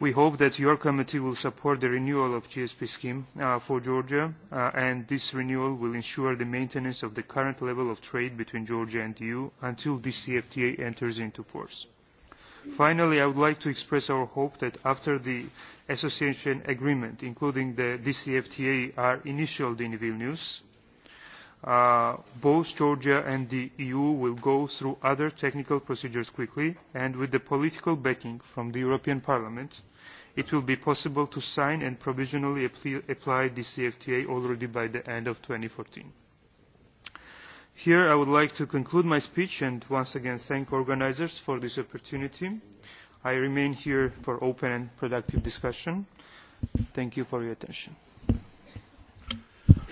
We hope that your committee will support the renewal of the GSP scheme for Georgia, and this renewal will ensure the maintenance of the current level of trade between Georgia and the EU until this CFTA enters into force. Finally, I would like to express our hope that after the association agreement, including the DCFTA, are initialled in Vilnius, both Georgia and the EU will go through other technical procedures quickly, and with the political backing from the European Parliament, it will be possible to sign and provisionally apply the CFTA already by the end of 2014. Here I would like to conclude my speech and once again thank organizers for this opportunity. I remain here for open and productive discussion. Thank you for your attention.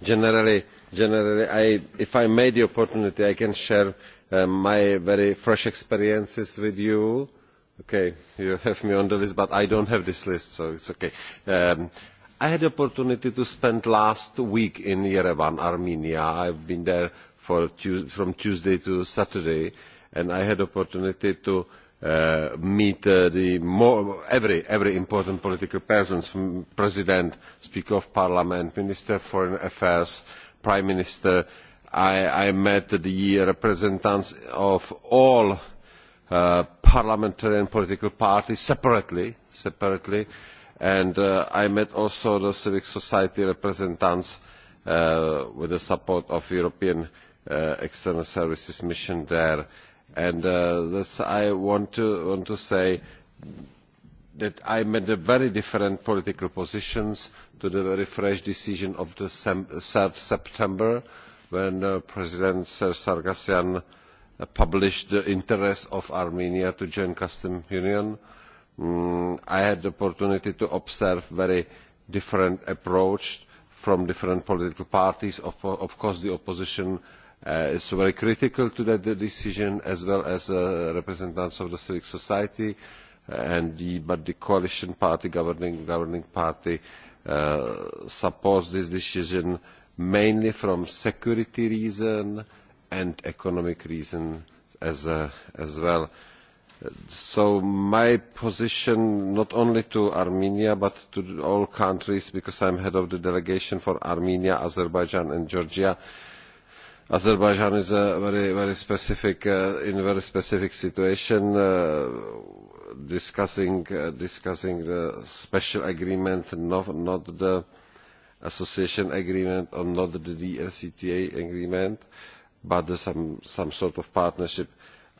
generally if i made the opportunity i can share my very fresh experiences with you okay you have me on the list but i don't have this list so it's okay i had the opportunity to spend last week in yerevan armenia i've been there for from tuesday to saturday and i had the opportunity to meet every important political presence President, Speaker of Parliament, Minister of Foreign Affairs, Prime Minister. I met the representatives of all parliamentary and political parties separately and I met also the civic society representatives with the support of the European External Services Mission there And this I want to say that I am very different political positions to the very fresh decision of the September, when President Sargassian published the interest of Armenia to join custom union. I had the opportunity to observe very different approach from different political parties. Of course, the opposition is very critical to that decision as well as representatives of the civic society and but the coalition party governing governing party supports this decision mainly from security reason and economic reason as well. So my position not only to Armenia but to all countries because I am head of the delegation for Armenia, Azerbaijan and Georgia Azerbaijan is a very very specific in a very specific situation discussing discussing the special agreement not not the association agreement or not the DSCTA agreement but some some sort of partnership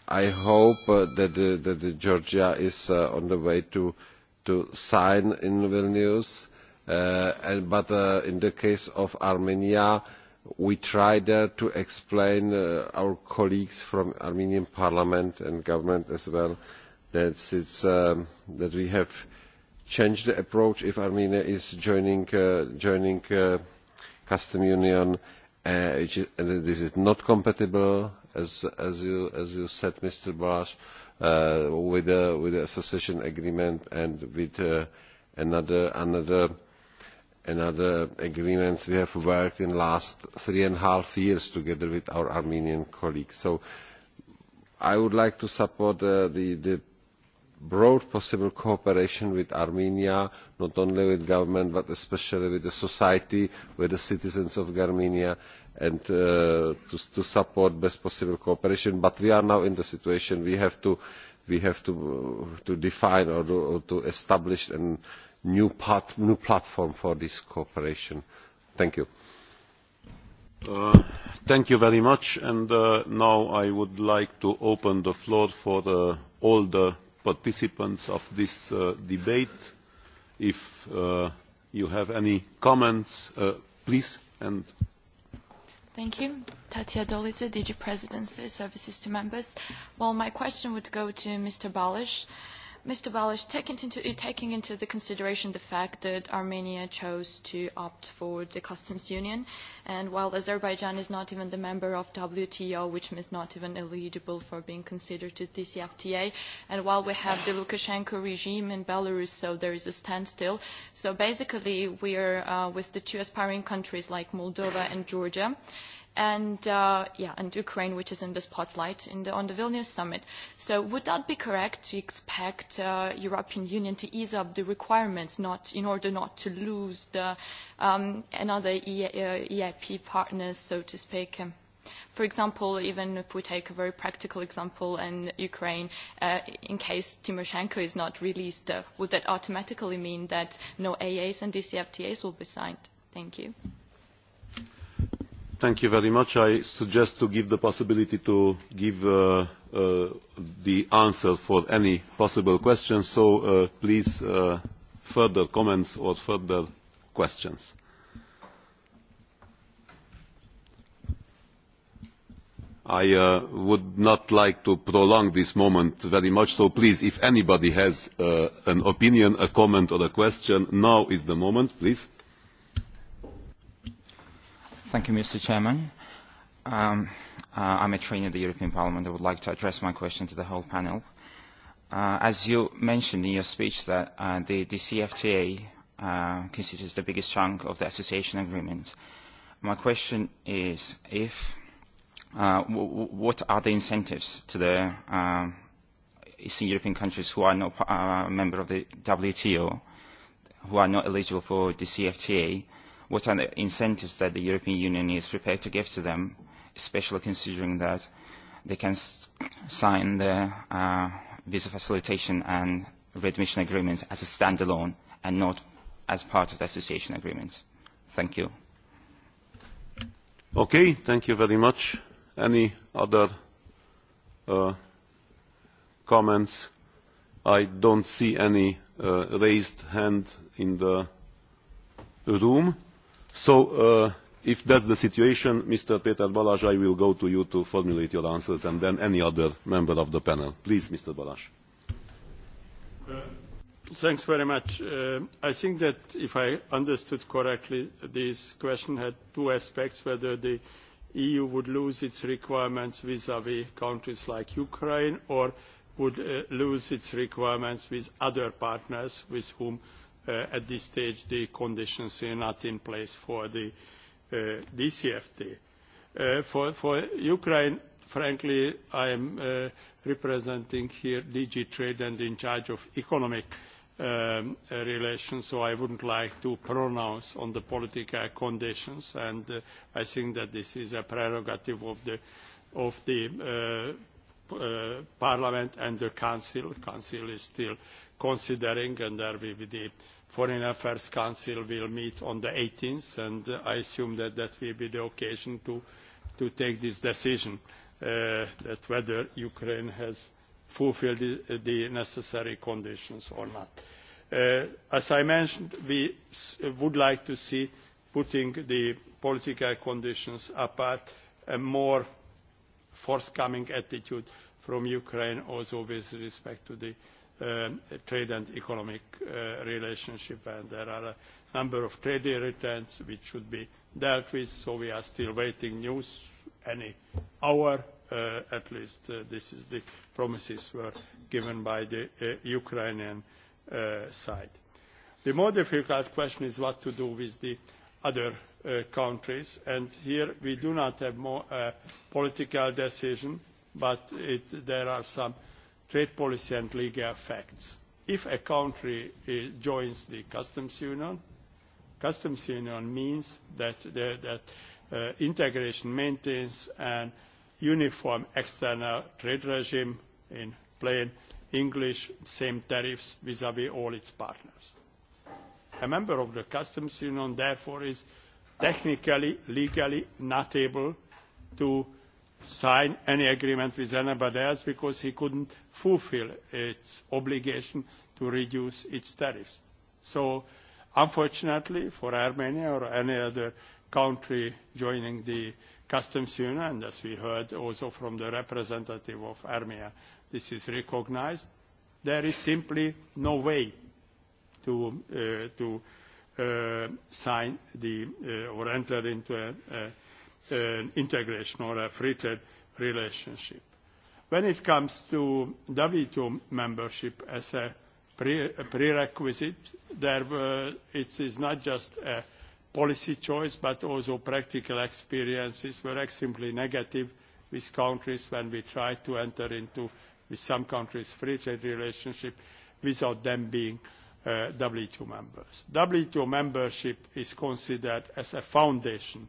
i hope that that georgia is on the way to to sign in vilnius but in the case of armenia We tried to explain our colleagues from Armenian Parliament and government as well that we have changed the approach if Armenia is joining custom union and this is not compatible, as you said, Mr. Bash, with the association agreement and with another and other agreements. We have worked in the last three and a half years together with our Armenian colleagues. So I would like to support the broad possible cooperation with Armenia, not only with government but especially with the society, with the citizens of Armenia, and to support best possible cooperation. But we are now in the situation we have to define or to establish and new platform for this cooperation. Thank you. Thank you very much. And now I would like to open the floor for all the participants of this debate. If you have any comments, please. And Thank you. Tatia Dolita, DG Presidency, Services to Members. Well, my question would go to Mr. Balish. Mr. Balish, taking into consideration the fact that Armenia chose to opt for the customs union, and while Azerbaijan is not even the member of WTO, which is not even eligible for being considered to DCFTA, and while we have the Lukashenko regime in Belarus, so there is a standstill. So basically, we are with the two aspiring countries like Moldova and Georgia and yeah and ukraine which is in the spotlight in the on the vilnius summit so would that be correct to expect the european union to ease up the requirements not in order not to lose the another eip partners so to speak for example even if we take a very practical example in ukraine in case timoshenko is not released would that automatically mean that no aas and dcftas will be signed thank you Thank you very much. I suggest to give the possibility to give the answer for any possible questions, So please, further comments or further questions. I would not like to prolong this moment very much, so please, if anybody has an opinion, a comment or a question, now is the moment, please. Thank you, Mr. Chairman. Um, I'm a trainee of the European Parliament. I would like to address my question to the whole panel. as you mentioned in your speech, that the DCFTA considers the biggest chunk of the association agreement. My question is, if what are the incentives to the Eastern European countries who are not a member of the WTO, who are not eligible for DCFTA CFTA, what are the incentives that the European Union is prepared to give to them, especially considering that they can sign the visa facilitation and readmission agreement as a standalone and not as part of the association agreement. Thank you. Okay, thank you very much. Any other comments? I don't see any raised hand in the room. So if that's the situation, Mr. Peter Balázs, I will go to you to formulate your answers and then any other member of the panel. Please, Mr. Balázs. Thanks very much. I think that if I understood correctly, this question had two aspects, whether the EU would lose its requirements vis-à-vis countries like Ukraine or would lose its requirements with other partners with whom at this stage the conditions are not in place for the DCFT. For Ukraine, frankly, I am representing here DG Trade and in charge of economic relations, so I wouldn't like to pronounce on the political conditions, and I think that this is a prerogative of the Parliament and the Council. The Council is still considering, and there will be Foreign Affairs Council will meet on the 18th, and I assume that that will be the occasion to take this decision, that whether Ukraine has fulfilled the necessary conditions or not. As I mentioned, we would like to see, putting the political conditions apart, a more forthcoming attitude from Ukraine also with respect to the trade and economic relationship and there are a number of trade irritants which should be dealt with so we are still waiting news any hour at least this is the promises were given by the Ukrainian side. The more difficult question is what to do with the other countries and here we do not have more political decision but there are some trade policy and legal effects. If a country joins the customs union, customs union means that integration maintains an uniform external trade regime in plain English, same tariffs vis-à-vis all its partners. A member of the customs union, therefore, is technically, legally not able to sign any agreement with anybody else because he couldn't fulfill its obligation to reduce its tariffs. So, unfortunately for Armenia or any other country joining the customs union, and as we heard also from the representative of Armenia, this is recognised, there is simply no way to sign the or enter into a integration or a free trade relationship. When it comes to WTO membership as a prerequisite, it is not just a policy choice, but also practical experiences were extremely negative with countries when we tried to enter into, with some countries, free trade relationship without them being WTO members. WTO membership is considered as a foundation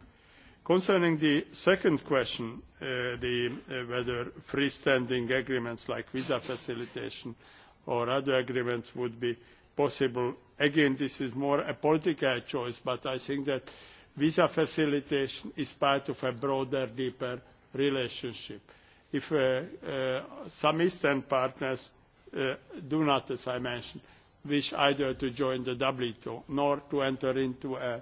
Concerning the second question, whether freestanding agreements like visa facilitation or other agreements would be possible, again, this is more a political choice, but I think that visa facilitation is part of a broader, deeper relationship. If some Eastern partners do not, as I mentioned, wish either to join the WTO nor to enter into a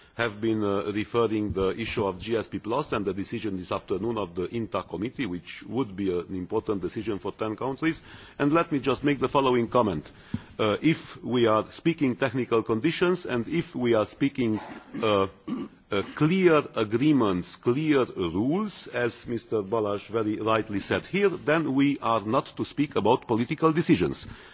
have been referring the issue of GSP Plus and the decision this afternoon of the INTA committee, which would be an important decision for 10 countries. And let me just make the following comment. If we are speaking technical conditions and if we are speaking clear agreements, clear rules, as Mr. Balash very rightly said here, then we are not to speak about political decisions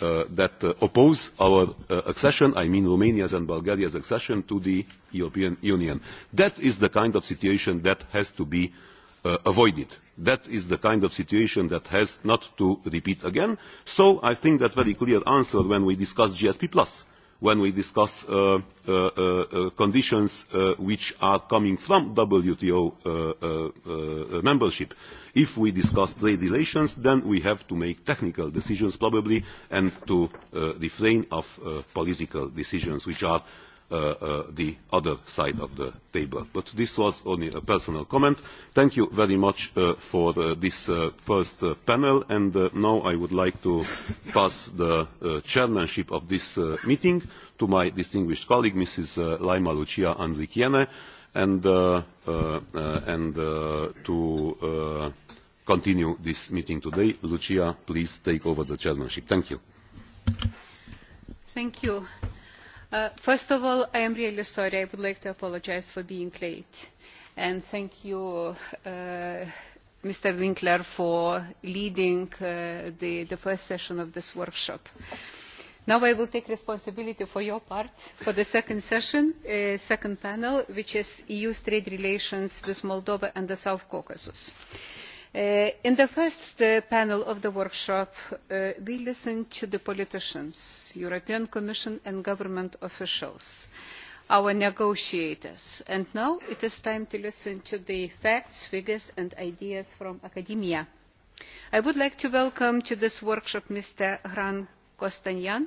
that oppose our accession, I mean Romania's and Bulgaria's accession to the European Union. That is the kind of situation that has to be avoided. That is the kind of situation that has not to repeat again. So I think that very clear answer when we discuss GSP+, when we discuss conditions which are coming from WTO membership, If we discuss trade relations, then we have to make technical decisions probably and to refrain of political decisions, which are the other side of the table. But this was only a personal comment. Thank you very much for this first panel, and now I would like to pass the chairmanship of this meeting to my distinguished colleague, Mrs. Laima Lucia Andrikiene, and to continue this meeting today. Lucia, please take over the chairmanship. Thank you. Thank you. First of all, I am really sorry. I would like to apologize for being late. And thank you, Mr. Winkler, for leading the first session of this workshop. Now I will take responsibility for your part for the second session, second panel, which is EU's trade relations with Moldova and the South Caucasus in the first panel of the workshop we listened to the politicians european commission and government officials our negotiators and now it is time to listen to the facts figures and ideas from academia. i would like to welcome to this workshop mr Hran Kostanyan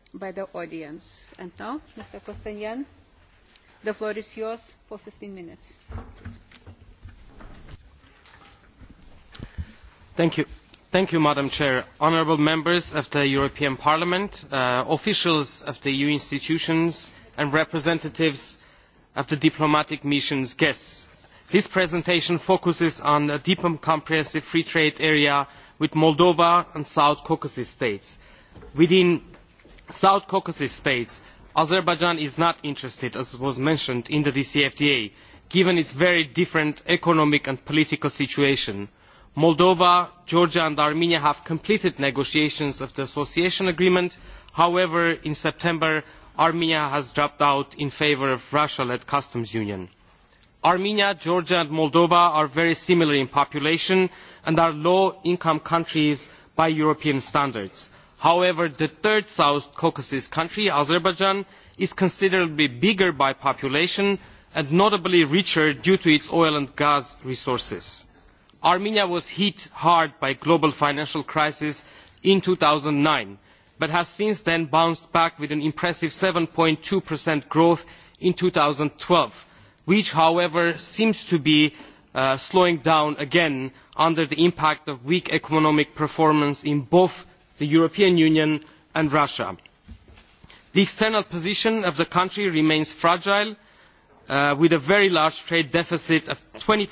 by the audience. And now, Mr. Kostanyan, the floor is yours for 15 minutes. Thank you. Thank you, Madam Chair. Honourable members of the European Parliament, officials of the EU institutions and representatives of the diplomatic missions guests. This presentation focuses on a deep and comprehensive free trade area with Moldova and South Caucasus states. Within South Caucasus states Azerbaijan is not interested, as was mentioned, in the DCFTA, given its very different economic and political situation. Moldova, Georgia and Armenia have completed negotiations of the association agreement. However, in September, Armenia has dropped out in favour of Russia-led customs union. Armenia, Georgia and Moldova are very similar in population and are low-income countries by European standards However, the third South Caucasus country, Azerbaijan, is considerably bigger by population and notably richer due to its oil and gas resources. Armenia was hit hard by the global financial crisis in 2009, but has since then bounced back with an impressive 7.2% growth in 2012, which, however, seems to be slowing down again under the impact of weak economic performance in both the European Union and Russia. The external position of the country remains fragile, with a very large trade deficit of 20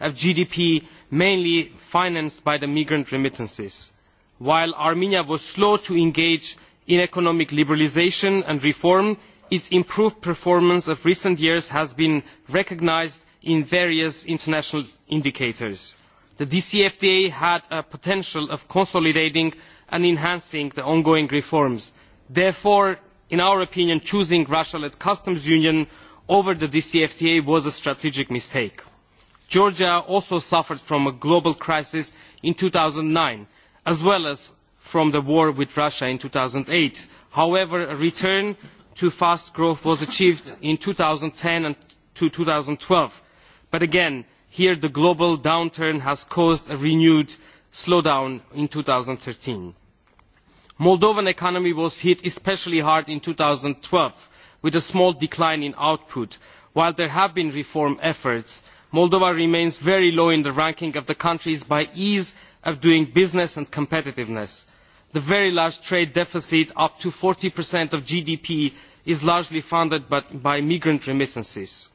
of GDP, mainly financed by the migrant remittances. While Armenia was slow to engage in economic liberalisation and reform, its improved performance of recent years has been recognised in various international indicators. The DCFTA had a potential of consolidating and enhancing the ongoing reforms. therefore in our opinion choosing russia led customs union over the dcfta was a strategic mistake. georgia also suffered from a global crisis in two thousand nine as well as from the war with russia in. two thousand eight however a return to fast growth was achieved in 2010 and ten and twelve but again here the global downturn has caused a renewed slowdown in 2013. Moldovan economy was hit especially hard in 2012 with a small decline in output. While there have been reform efforts, Moldova remains very low in the ranking of the countries by ease of doing business and competitiveness. The very large trade deficit, up to 40% of GDP, is largely funded by migrant remittances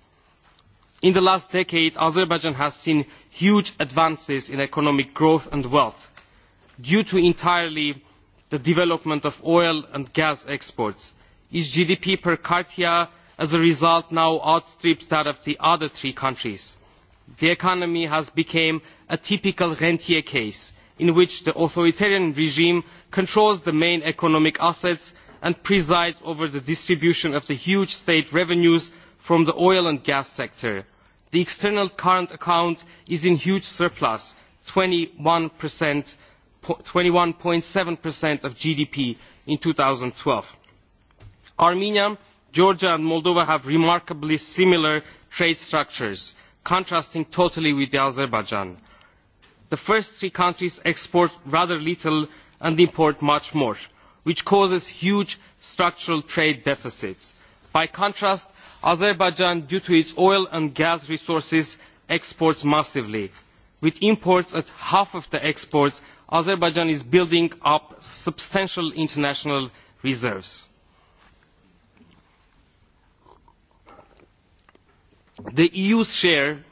in the last decade azerbaijan has seen huge advances in economic growth and wealth due to entirely the development of oil and gas exports. its gdp per capita as a result now outstrips that of the other three countries. the economy has become a typical rentier case in which the authoritarian regime controls the main economic assets and presides over the distribution of the huge state revenues from the oil and gas sector the external current account is in huge surplus twenty one seven of gdp in. two thousand and twelve armenia georgia and moldova have remarkably similar trade structures contrasting totally with azerbaijan. the first three countries export rather little and import much more which causes huge structural trade deficits. by contrast Azerbaijan, due to its oil and gas resources, exports massively. With imports at half of the exports, Azerbaijan is building up substantial international reserves. The EU's share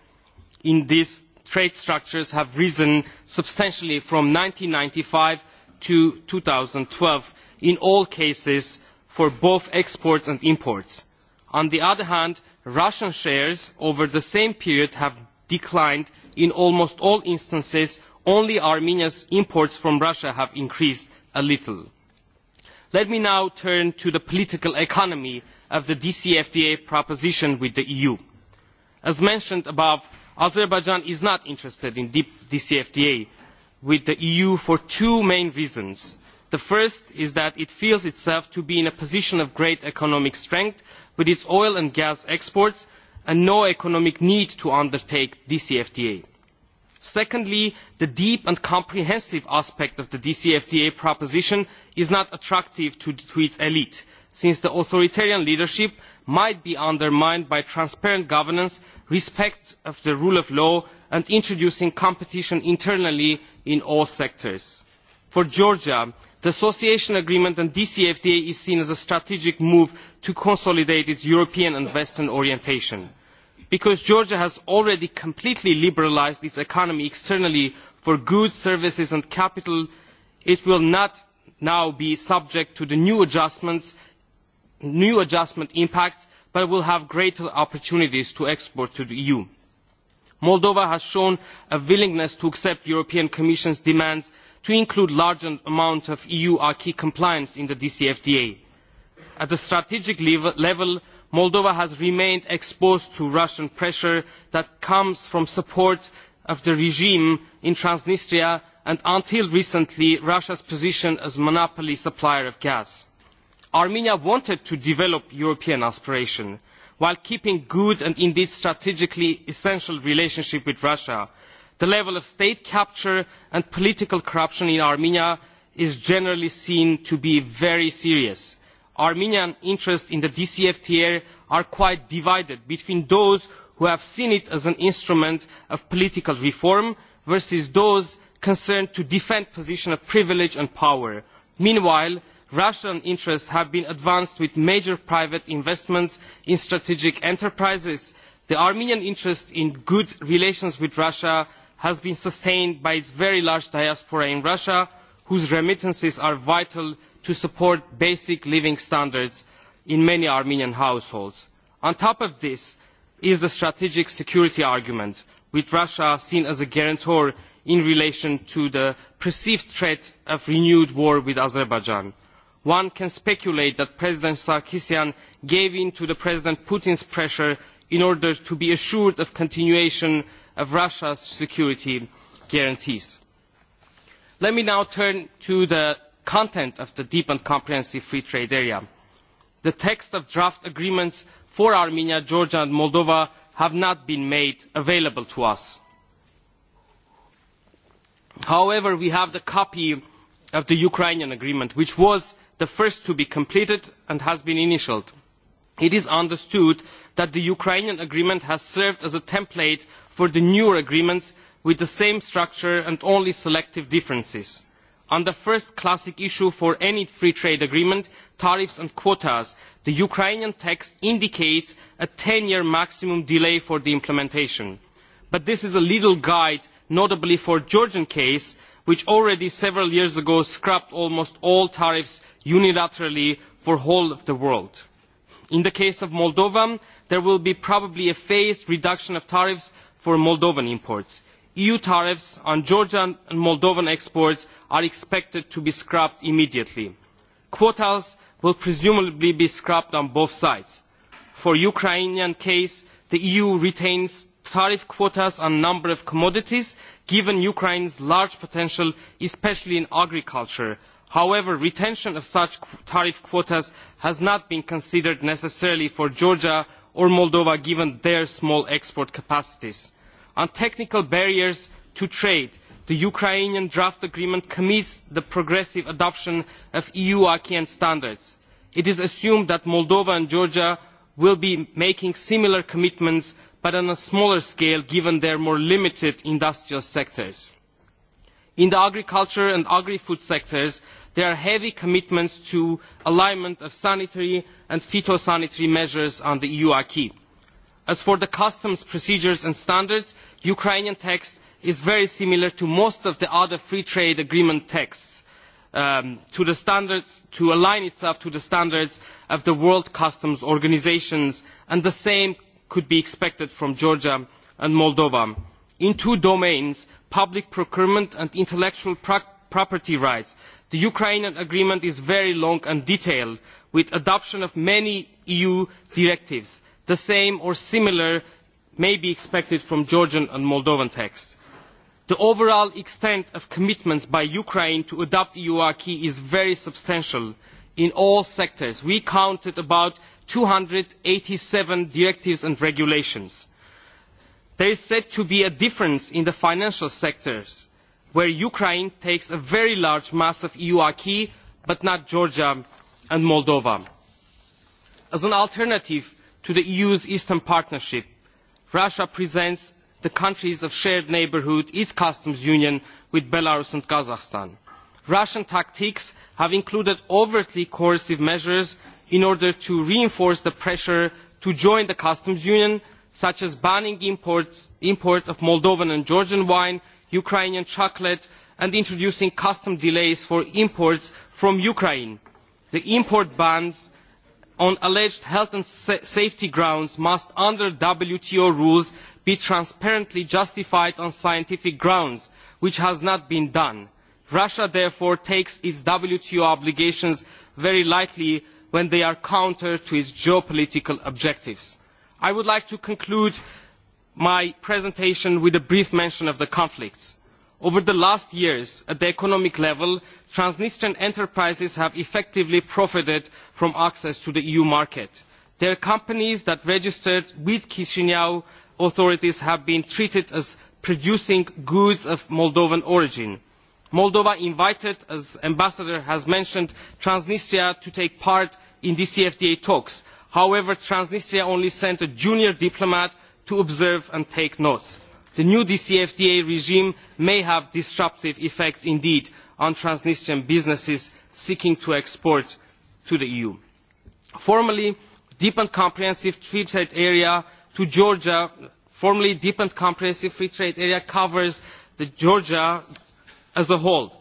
in these trade structures has risen substantially from ninety one thousand nine hundred and five to two thousand and twelve, in all cases for both exports and imports On the other hand, Russian shares over the same period have declined in almost all instances. Only Armenia's imports from Russia have increased a little. Let me now turn to the political economy of the DCFTA proposition with the EU. As mentioned above, Azerbaijan is not interested in DCFTA with the EU for two main reasons. The first is that it feels itself to be in a position of great economic strength with its oil and gas exports and no economic need to undertake dcfta. secondly the deep and comprehensive aspect of the dcfta proposition is not attractive to its elite since the authoritarian leadership might be undermined by transparent governance respect for the rule of law and introducing competition internally in all sectors. For Georgia, the association agreement and DCFTA is seen as a strategic move to consolidate its European and Western orientation. Because Georgia has already completely liberalised its economy externally for goods, services and capital, it will not now be subject to the new adjustment impacts but will have greater opportunities to export to the EU. Moldova has shown a willingness to accept the European Commission's demands to include large amount of EU acquis compliance in the DCFTA. At the strategic level, Moldova has remained exposed to Russian pressure that comes from support of the regime in Transnistria and, until recently, Russia's position as monopoly supplier of gas. Armenia wanted to develop European aspiration, while keeping good and indeed strategically essential relationship with Russia the level of state capture and political corruption in armenia is generally seen to be very serious. armenian interests in the dcfta are quite divided between those who have seen it as an instrument of political reform versus those concerned to defend position of privilege and power. meanwhile russian interests have been advanced with major private investments in strategic enterprises. the armenian interest in good relations with russia has been sustained by its very large diaspora in russia whose remittances are vital to support basic living standards in many armenian households. on top of this is the strategic security argument with russia seen as a guarantor in relation to the perceived threat of renewed war with azerbaijan. one can speculate that president Sarkisian gave in to president putin's pressure in order to be assured of continuation of Russia's security guarantees. Let me now turn to the content of the deep and comprehensive free trade area. The text of draft agreements for Armenia, Georgia and Moldova have not been made available to us. However, we have the copy of the Ukrainian agreement, which was the first to be completed and has been initialed. It is understood that the Ukrainian agreement has served as a template for the newer agreements with the same structure and only selective differences. On the first classic issue for any free trade agreement, tariffs and quotas, the Ukrainian text indicates a 10-year maximum delay for the implementation. But this is a little guide, notably for the Georgian case, which already several years ago scrapped almost all tariffs unilaterally for the whole of the world in the case of moldova there will be probably a phased reduction of tariffs for moldovan imports. eu tariffs on georgian and moldovan exports are expected to be scrapped immediately. quotas will presumably be scrapped on both sides. for the ukrainian case the eu retains tariff quotas on a number of commodities given ukraine's large potential especially in agriculture. However, retention of such tariff quotas has not been considered necessarily for Georgia or Moldova given their small export capacities. On technical barriers to trade, the Ukrainian draft agreement commits the progressive adoption of EU acquis standards. It is assumed that Moldova and Georgia will be making similar commitments but on a smaller scale given their more limited industrial sectors in the agriculture and agri food sectors there are heavy commitments to alignment of sanitary and phytosanitary measures on the eu acquis. as for the customs procedures and standards the ukrainian text is very similar to most of the other free trade agreement texts to align itself to the standards of the world customs organisations and the same could be expected from georgia and moldova in two domains public procurement and intellectual property rights. the ukrainian agreement is very long and detailed with the adoption of many eu directives. the same or similar may be expected from georgian and moldovan texts. the overall extent of commitments by ukraine to adopt eu acquis is very substantial in all sectors. we counted about two hundred and eighty seven directives and regulations there is said to be a difference in the financial sectors where ukraine takes a very large mass of eu acquis but not georgia and moldova. as an alternative to the eu's eastern partnership russia presents the countries of shared neighbourhood its customs union with belarus and kazakhstan. russian tactics have included overtly coercive measures in order to reinforce the pressure to join the customs union such as banning the import of moldovan and georgian wine ukrainian chocolate and introducing custom delays for imports from ukraine. the import bans on alleged health and safety grounds must under wto rules be transparently justified on scientific grounds which has not been done. russia therefore takes its wto obligations very lightly when they are counter to its geopolitical objectives. I would like to conclude my presentation with a brief mention of the conflicts. Over the last years, at the economic level, Transnistrian enterprises have effectively profited from access to the EU market. Their companies that registered with Chisinau authorities have been treated as producing goods of Moldovan origin. Moldova invited, as Ambassador has mentioned, Transnistria to take part in the CFTA talks However, Transnistria only sent a junior diplomat to observe and take notes. The new DCFTA regime may have disruptive effects indeed on Transnistrian businesses seeking to export to the EU. Formally, deep and comprehensive free trade area to Georgia, formally deep and comprehensive free trade area covers Georgia as a whole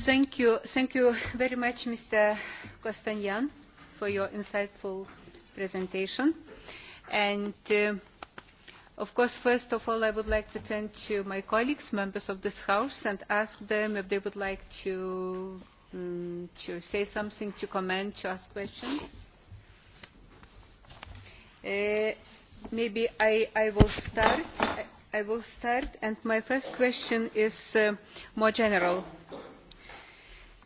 Thank you. very much, Mr. Kostanyan, for your insightful presentation. And, of course, first of all, I would like to turn to my colleagues, members of this House, and ask them if they would like to to say something, to comment, to ask questions. Maybe I will start. I will start, and my first question is more general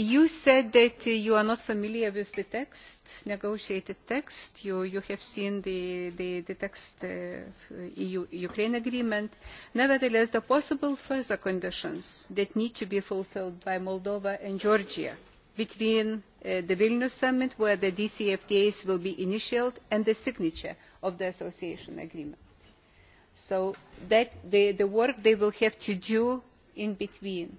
You said that you are not familiar with the text, negotiated text. You have seen the the the text EU-Ukraine agreement. Nevertheless, the possible further conditions that need to be fulfilled by Moldova and Georgia between the Vilnius summit, where the DCFTAs will be initialed, and the signature of the association agreement. So that the the work they will have to do in between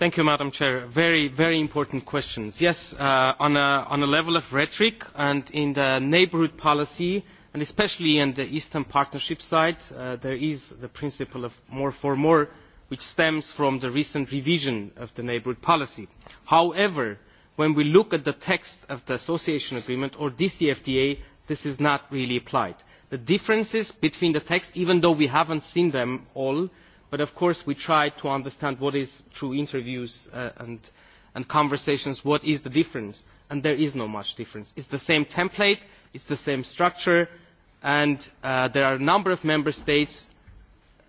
Madam President, very, very important questions. Yes, on a level of rhetoric and in the neighbourhood policy, and especially on the Eastern Partnership side, there is the principle of more for more, which stems from the recent revision of the neighbourhood policy. However, when we look at the text of the Association Agreement or DCFTA, this is not really applied. The differences between the texts, even though we have not seen them all but of course we try to understand what is through interviews and conversations what is the difference and there is no much difference. It's the same template, it's the same structure and there are a number of member states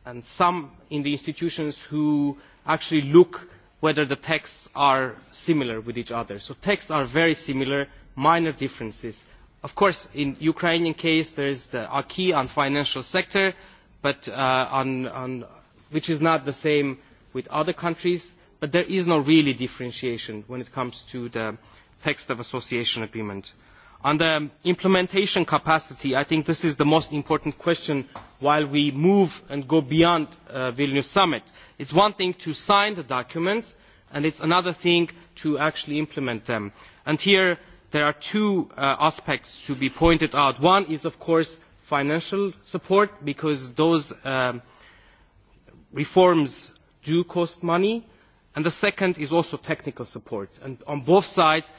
and some in the institutions who actually look whether the texts are similar with each other. So texts are very similar, minor differences. Of course in the Ukrainian case there is the acquis on financial sector but on which is not the same with other countries, but there is no really differentiation when it comes to the text of association agreement. On the implementation capacity, I think this is the most important question while we move and go beyond the Vilnius summit. It is one thing to sign the documents and it is another thing to actually implement them. And here there are two aspects to be pointed out. One is of course financial support because those reforms do cost money and the second is also technical support and on both sides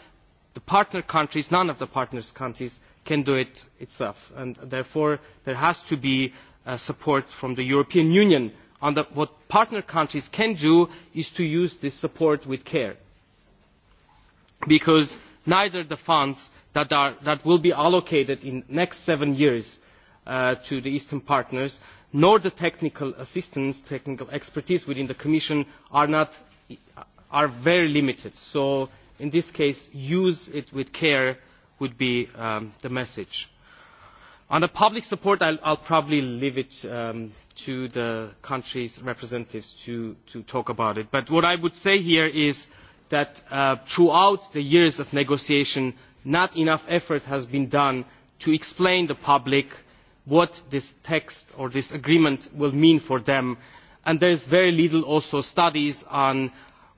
the partner countries none of the partner countries can do it itself and therefore there has to be support from the european union what partner countries can do is to use this support with care because neither the funds that will be allocated in the next seven years to the eastern partners nor the technical assistance technical expertise within the commission are very limited so in this case use it with care would be the message. on the public support i will probably leave it to the country's representatives to talk about it but what i would say here is that throughout the years of negotiation not enough effort has been done to explain to the public what this text or this agreement will mean for them and there is very little also studies on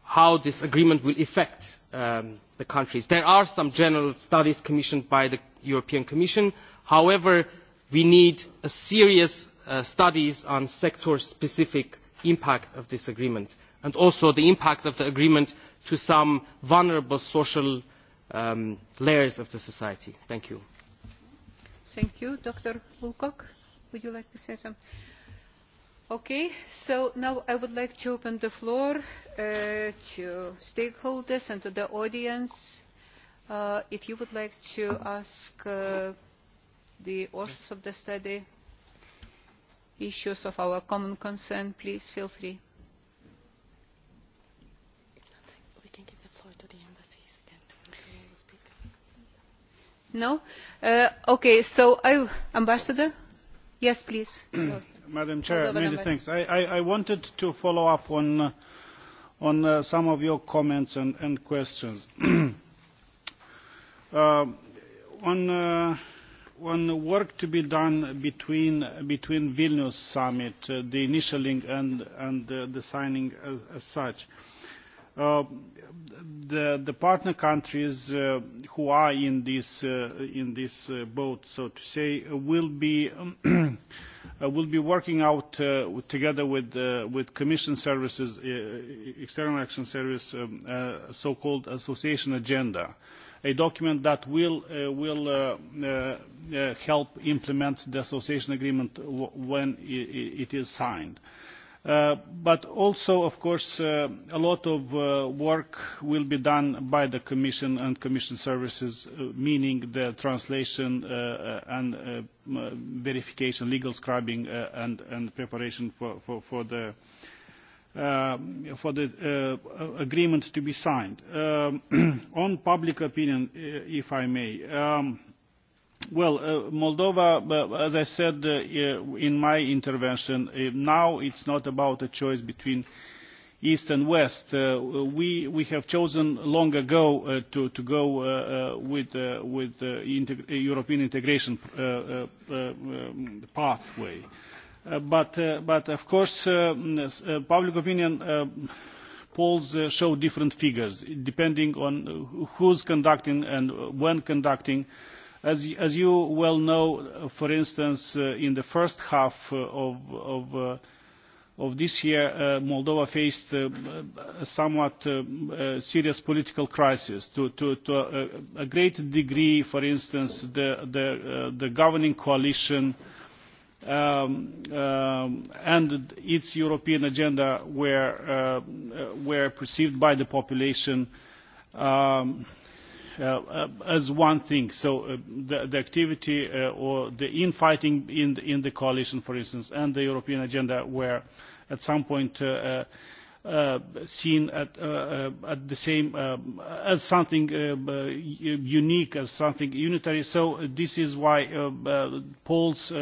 how this agreement will affect the countries. There are some general studies commissioned by the European Commission. However, we need serious studies on sector-specific impact of this agreement and also the impact of the agreement to some vulnerable social layers of the society. Thank you. Thank you. Dr. Woolcock, would you like to say something? Okay, so now I would like to open the floor to stakeholders and to the audience. If you would like to ask the authors of the study issues of our common concern, please feel free. No? Okay, so Ambassador? Yes, please. Madam Chair, many thanks. I wanted to follow up on on some of your comments and questions. On on work to be done between between Vilnius summit, the initialing and and the signing as such the partner countries who are in this in this boat so to say will be will be working out together with with commission services external action service so called association agenda a document that will will help implement the association agreement when it is signed But also, of course, a lot of work will be done by the Commission and Commission services, meaning the translation and verification, legal scribing and preparation for the for the agreement to be signed. On public opinion, if I may Well, Moldova, as I said in my intervention, now it's not about a choice between East and West. We we have chosen long ago to to go with with the European integration pathway, but but of course public opinion polls show different figures depending on who's conducting and when conducting As you well know, for instance, in the first half of this year, Moldova faced a somewhat serious political crisis. To a great degree, for instance, the governing coalition and its European agenda were perceived by the population as one thing. So the activity or the infighting in the coalition, for instance, and the European agenda were at some point seen at the same as something unique, as something unitary. So this is why polls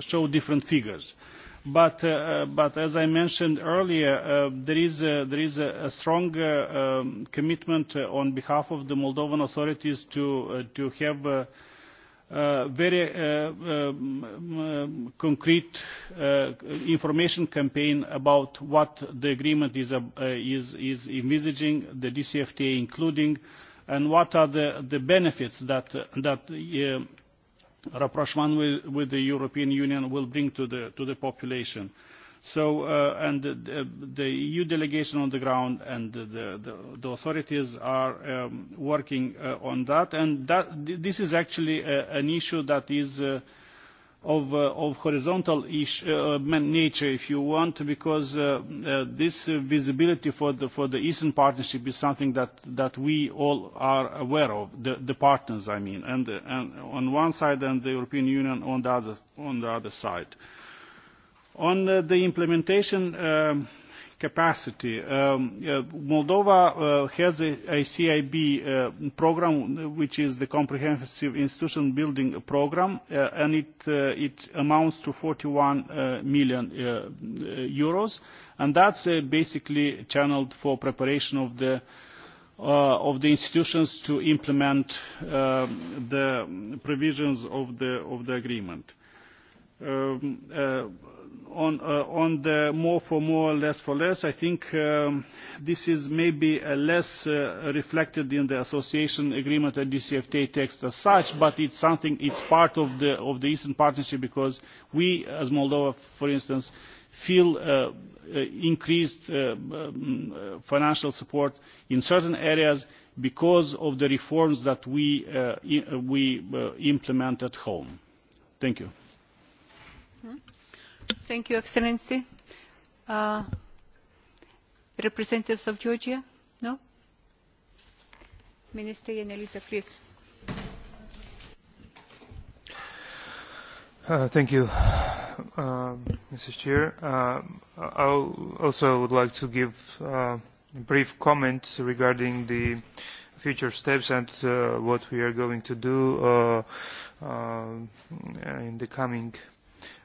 show different figures. But as I mentioned earlier, there is a strong commitment on behalf of the Moldovan authorities to have a very concrete information campaign about what the agreement is envisaging, the DCFTA including, and what are the benefits that rapprochement with the European Union will bring to the population. So, and the EU delegation on the ground and the authorities are working on that, and this is actually an issue that is of horizontal nature, if you want, because this visibility for the Eastern Partnership is something that we all are aware of, the partners, I mean, and on one side and the European Union on the other side. On the implementation capacity. Moldova has a CIB program, which is the Comprehensive Institution Building Program, and it amounts to 41 million euros, and that's basically channeled for preparation of the of the institutions to implement the provisions of the of the agreement on the more for more, less for less, I think this is maybe less reflected in the association agreement and DCFTA text as such, but it's something, it's part of the of the Eastern Partnership because we, as Moldova, for instance, feel increased financial support in certain areas because of the reforms that we implement at home. Thank you. Thank you, Excellency. Representatives of Georgia? No? Minister Yeneliza, please. Thank you, Mrs. Chair. I also would like to give a brief comment regarding the future steps and what we are going to do in the coming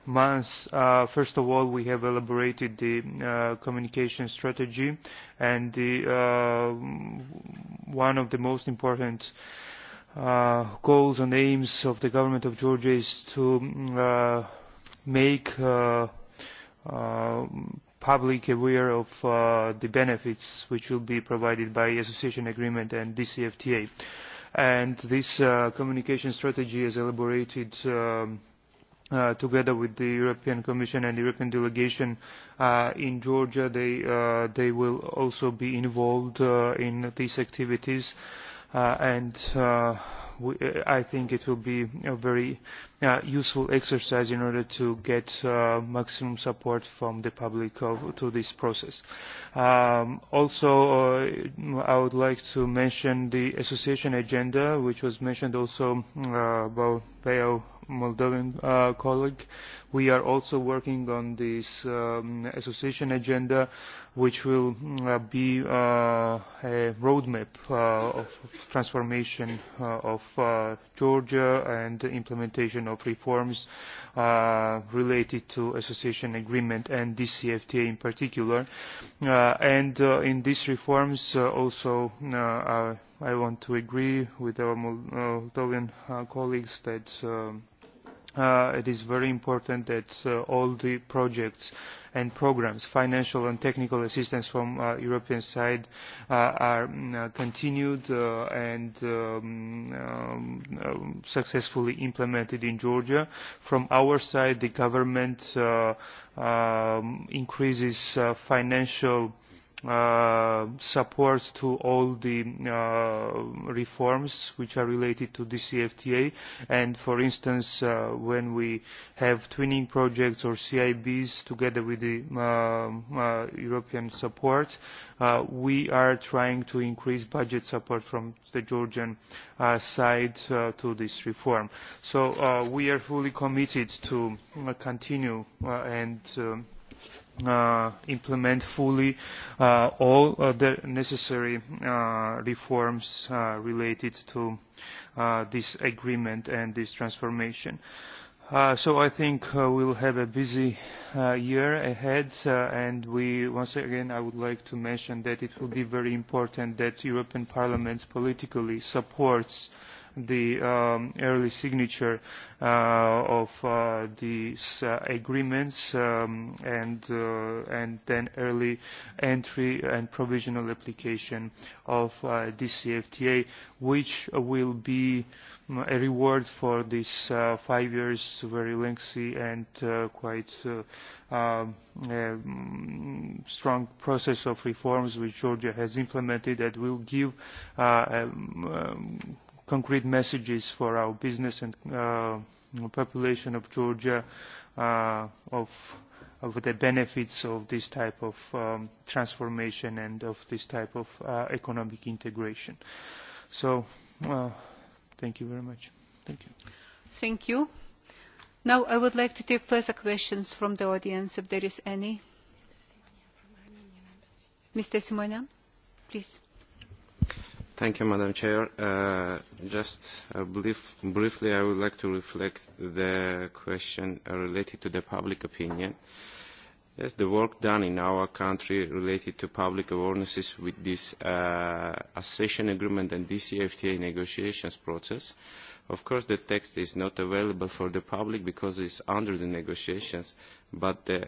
months, first of all, we have elaborated the communication strategy, and one of the most important goals and aims of the government of Georgia is to make public aware of the benefits which will be provided by association agreement and DCFTA. And this communication strategy is elaborated together with the European Commission and the European delegation in Georgia. They they will also be involved in these activities and I think it will be a very useful exercise in order to get maximum support from the public to this process. Also, I would like to mention the association agenda, which was mentioned also by Moldovan colleague. We are also working on this association agenda, which will be a roadmap of transformation of Georgia and implementation of reforms related to association agreement and DCFTA in particular. And in these reforms also I want to agree with our Moldovan colleagues that it is very important that all the projects and programs, financial and technical assistance from the European side are continued and successfully implemented in Georgia. From our side, the government increases financial support to all the reforms which are related to the CFTA and for instance when we have twinning projects or CIBs together with the European support we are trying to increase budget support from the Georgian side to this reform. So we are fully committed to continue and implement fully all the necessary reforms related to this agreement and this transformation. So I think we'll have a busy year ahead and we once again I would like to mention that it will be very important that European Parliament politically supports the early signature of these agreements and and then early entry and provisional application of uh CFTA, which will be a reward for this five years very lengthy and quite strong process of reforms which Georgia has implemented that will give concrete messages for our business and population of Georgia of of the benefits of this type of transformation and of this type of economic integration. So thank you very much. Thank you. Thank you. Now I would like to take further questions from the audience if there is any. Mr. Simonian, please. Thank you, Madam Chair. Just briefly, I would like to reflect the question related to the public opinion. Yes, the work done in our country related to public awarenesses with this accession agreement and DCFTA negotiations process. Of course, the text is not available for the public because it is under the negotiations, but the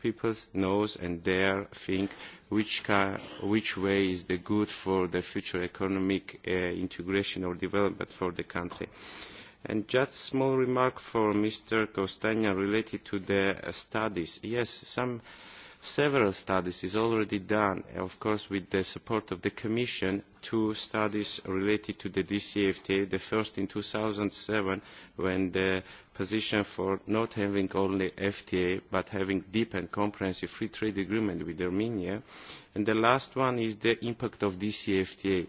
people knows and dare think which which way is the good for the future economic integration or development for the country. And just a small remark for Mr. Costagna related to the studies. Yes, some Several studies is already done, of course, with the support of the Commission. Two studies related to the DCFTA. The first in 2007, when the position for not having only FTA but having deep and comprehensive free trade agreement with Armenia, and the last one is the impact of DCFTA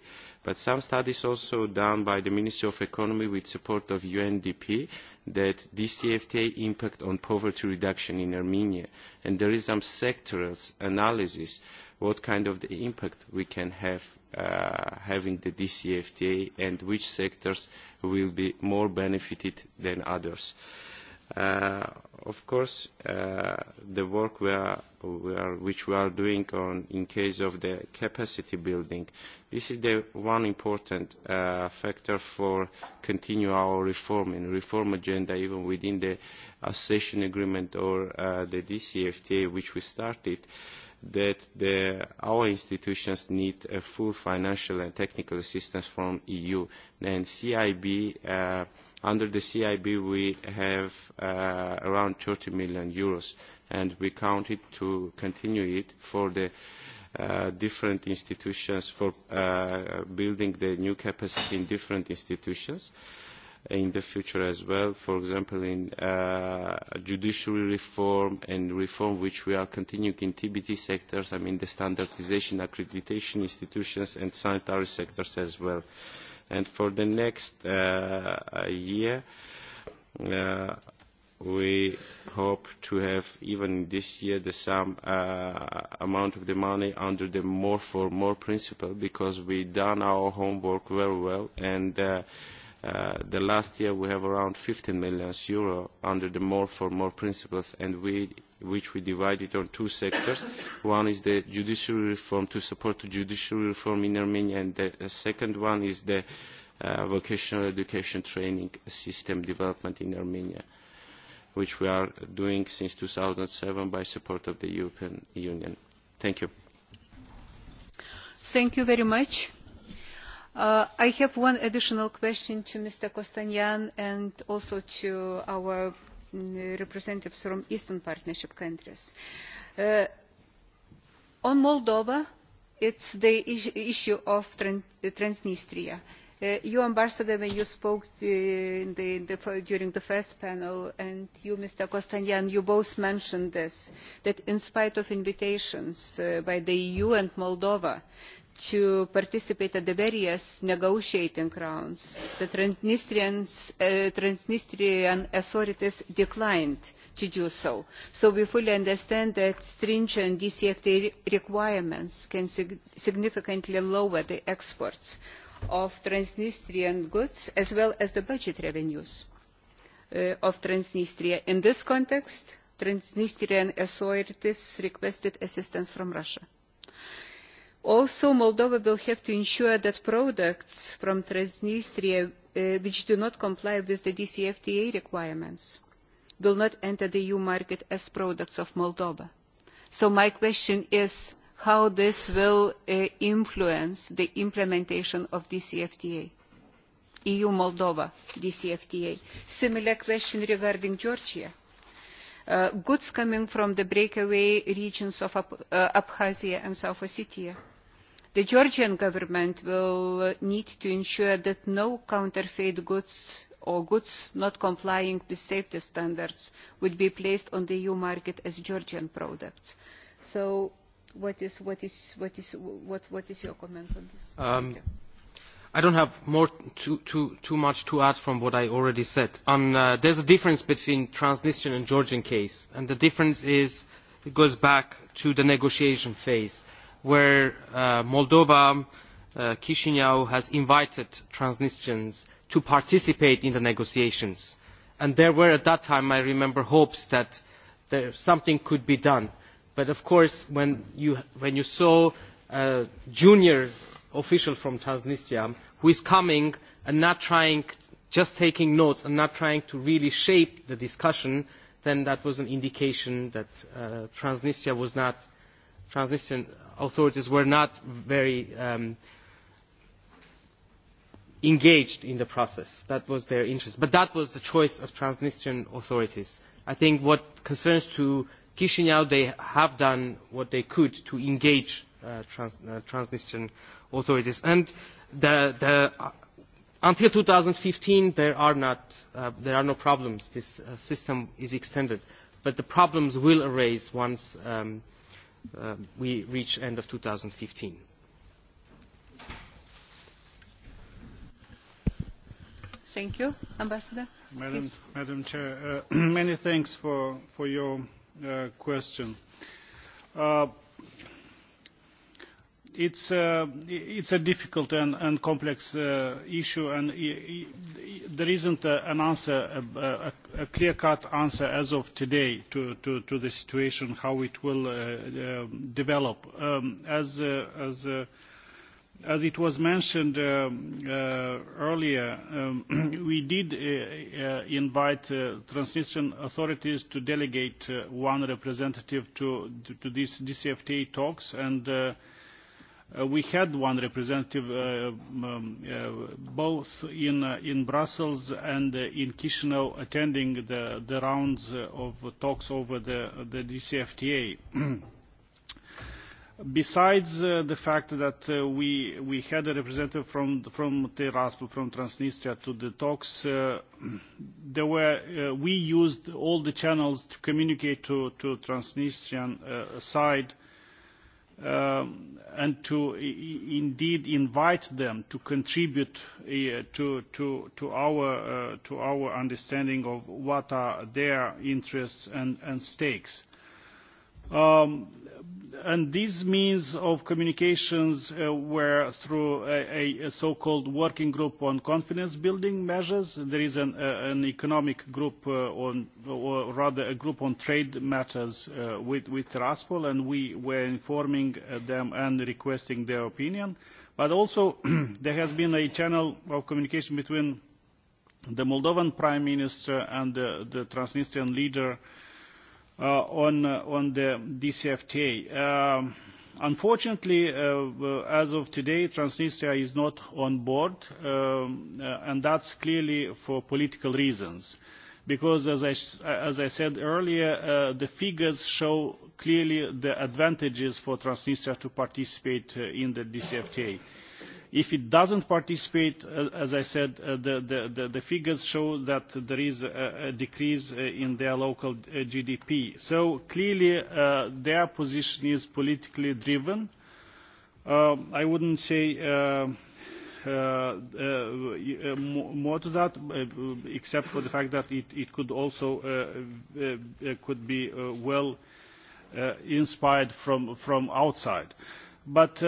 But some studies also done by the Ministry of Economy with support of UNDP that DCFTA impact on poverty reduction in Armenia. And there is some sectoral analysis what kind of the impact we can have having the DCFTA and which sectors will be more benefited than others. Of course, the work which we are doing in case of the capacity building, this is the one important factor for continue our reform and reform agenda even within the accession agreement or the DCFTA which we started, that our institutions need a full financial and technical assistance from EU. And CIB Under the CIB we have around 30 million euros and we count it to continue it for the different institutions for building the new capacity in different institutions in the future as well, for example in judiciary reform and reform which we are continuing in TBT sectors, I mean the standardization, accreditation institutions and sanitary sectors as well and for the next year we hope to have even this year the same amount of the money under the more for more principle because we done our homework very well and the last year we have around 15 million under the more for more principles and which we divided on two sectors one is the judiciary reform to support the judiciary reform in Armenia and the second one is the vocational education training system development in Armenia which we are doing since 2007 by support of the European Union thank you thank you very much I have one additional question to Mr. Kostanyan and also to our representatives from Eastern Partnership countries. On Moldova, it's the issue of Transnistria. You, Ambassador, when you spoke during the first panel, and you, Mr. Kostanyan, you both mentioned this, that in spite of invitations by the EU and Moldova to participate at the various negotiating rounds. The Transnistrian authorities declined to do so. So we fully understand that stringent DCFTA requirements can significantly lower the exports of Transnistrian goods as well as the budget revenues of Transnistria. In this context, Transnistrian authorities requested assistance from Russia also moldova will have to ensure that products from transnistria which do not comply with the dcfta requirements will not enter the eu market as products of moldova. so my question is how this will influence the implementation of dcfta eu moldova dcfta. similar question regarding georgia goods coming from the breakaway regions of Abkhazia and South Ossetia. The Georgian government will need to ensure that no counterfeit goods or goods not complying with safety standards would be placed on the EU market as Georgian products. So what is your comment on this? I don't have more too much to add from what I already said. There's a difference between Transnistrian and Georgian case, and the difference is it goes back to the negotiation phase, where Moldova, Kishinev has invited Transnistrians to participate in the negotiations, and there were at that time, I remember, hopes that something could be done. But of course, when you saw a junior official from Transnistria who is coming and not trying just taking notes and not trying to really shape the discussion then that was an indication that transnistria was not transnistrian authorities were not very engaged in the process that was their interest but that was the choice of transnistrian authorities i think what concerns to Chisinau, they have done what they could to engage Transnistrian authorities. And until 2015 there are not there are no problems. This system is extended, but the problems will arise once we reach end of 2015. Thank you, Ambassador. Madam Chair, many thanks for for your question. It's a difficult and complex issue, and there isn't an answer, a clear-cut answer as of today to the situation, how it will develop. As it was mentioned earlier, we did invite Transnistrian authorities to delegate one representative to these DCFTA talks, and We had one representative both in Brussels and in Chisinau attending the rounds of talks over the DCFTA. Besides the fact that we had a representative from Tiraspol, from Transnistria to the talks, we used all the channels to communicate to the Transnistrian side and to indeed invite them to contribute to our understanding of what are their interests and stakes. And these means of communications were through a so-called working group on confidence building measures. There is an economic group on, or rather a group on trade matters with Raspol, and we were informing them and requesting their opinion. But also there has been a channel of communication between the Moldovan Prime Minister and the Transnistrian leader on the DCFTA. Unfortunately, as of today, Transnistria is not on board, and that's clearly for political reasons. Because, as I said earlier, the figures show clearly the advantages for Transnistria to participate in the DCFTA. If it doesn't participate, as I said, the figures show that there is a decrease in their local GDP. So clearly their position is politically driven. I wouldn't say more to that, except for the fact that it could also could be well inspired from outside. But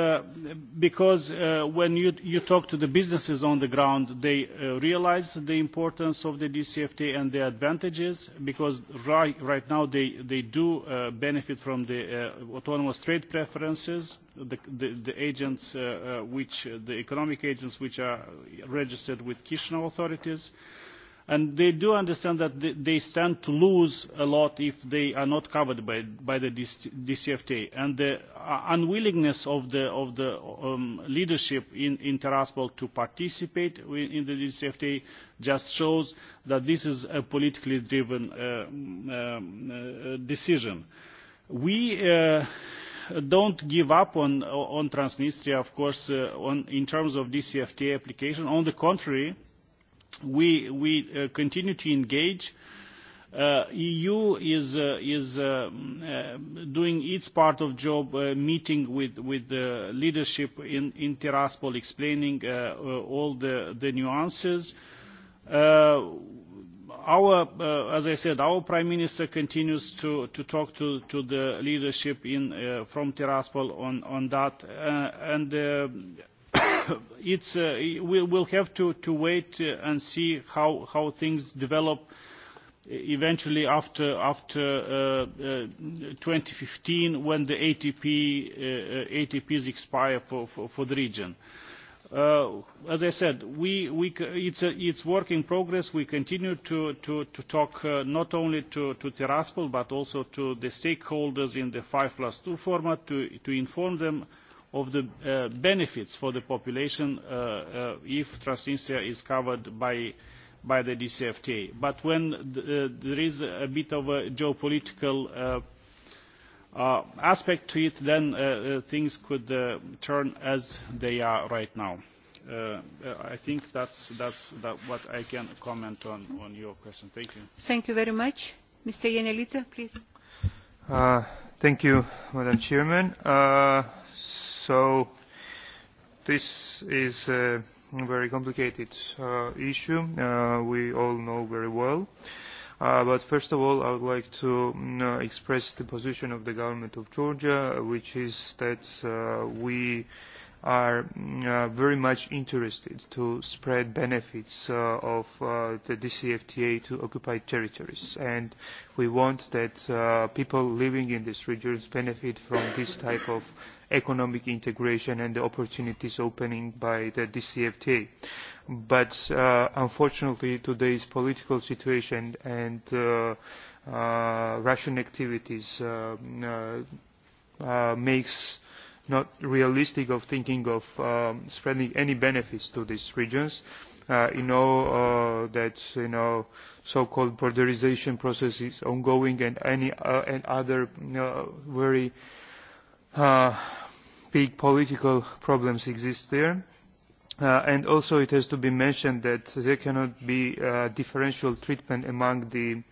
because when you talk to the businesses on the ground, they realise the importance of the DCFT and the advantages, because right now they do benefit from the autonomous trade preferences, the agents which the economic agents which are registered with Kishinev authorities and they do understand that they stand to lose a lot if they are not covered by the DCFTA. And the unwillingness of the leadership in in to participate in the DCFTA just shows that this is a politically driven decision. We don't give up on on Transnistria, of course, in terms of DCFTA application. On the contrary we continue to engage. EU is is doing its part of job, meeting with with the leadership in in Tiraspol, explaining all the the nuances. Our, as I said, our Prime Minister continues to to talk to to the leadership in from Tiraspol on on that, and it's we will have to to wait and see how how things develop eventually after after 2015 when the ATPs expire for the region as i said we we it's work in progress we continue to to talk not only to to but also to the stakeholders in the 5 plus format to to inform them of the benefits for the population if Transnistria is covered by the DCFTA. But when there is a bit of a geopolitical aspect to it, then things could turn as they are right now. I think that's what I can comment on your question. Thank you. Thank you very much. Mr. Yenelitsa, please. Thank you, Madam Chairman. So this is a very complicated issue. We all know very well. But first of all, I would like to express the position of the government of Georgia, which is that we are very much interested to spread benefits of the DCFTA to occupied territories. And we want that people living in these regions benefit from this type of economic integration and the opportunities opening by the DCFTA. But unfortunately, today's political situation and Russian activities makes not realistic of thinking of spreading any benefits to these regions. You know that you know so-called borderization process is ongoing and any and other very big political problems exist there and also it has to be mentioned that there cannot be differential treatment among the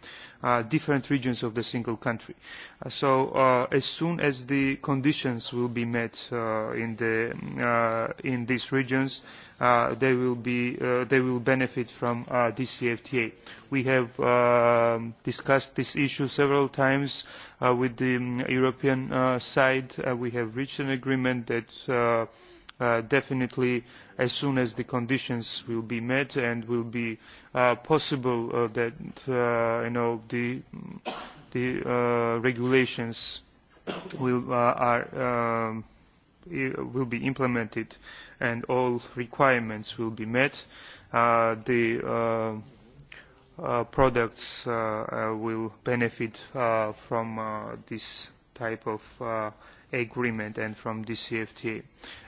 different regions of the single country. So as soon as the conditions will be met in these regions, they will they will benefit from CFTA. We have discussed this issue several times with the European side. We have reached an agreement that definitely as soon as the conditions will be met and will be possible that you know the the regulations will are will be implemented and all requirements will be met the products will benefit from this type of agreement and from the CFTA.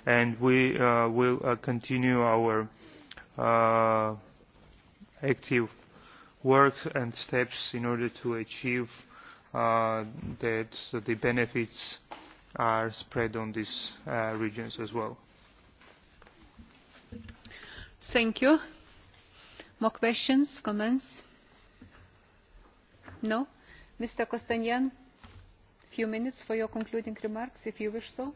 And we will continue our active work and steps in order to achieve that the benefits are spread on these regions as well. Thank you. More questions, comments? No? Mr. Kostanyan? few minutes for your concluding remarks, if you wish so.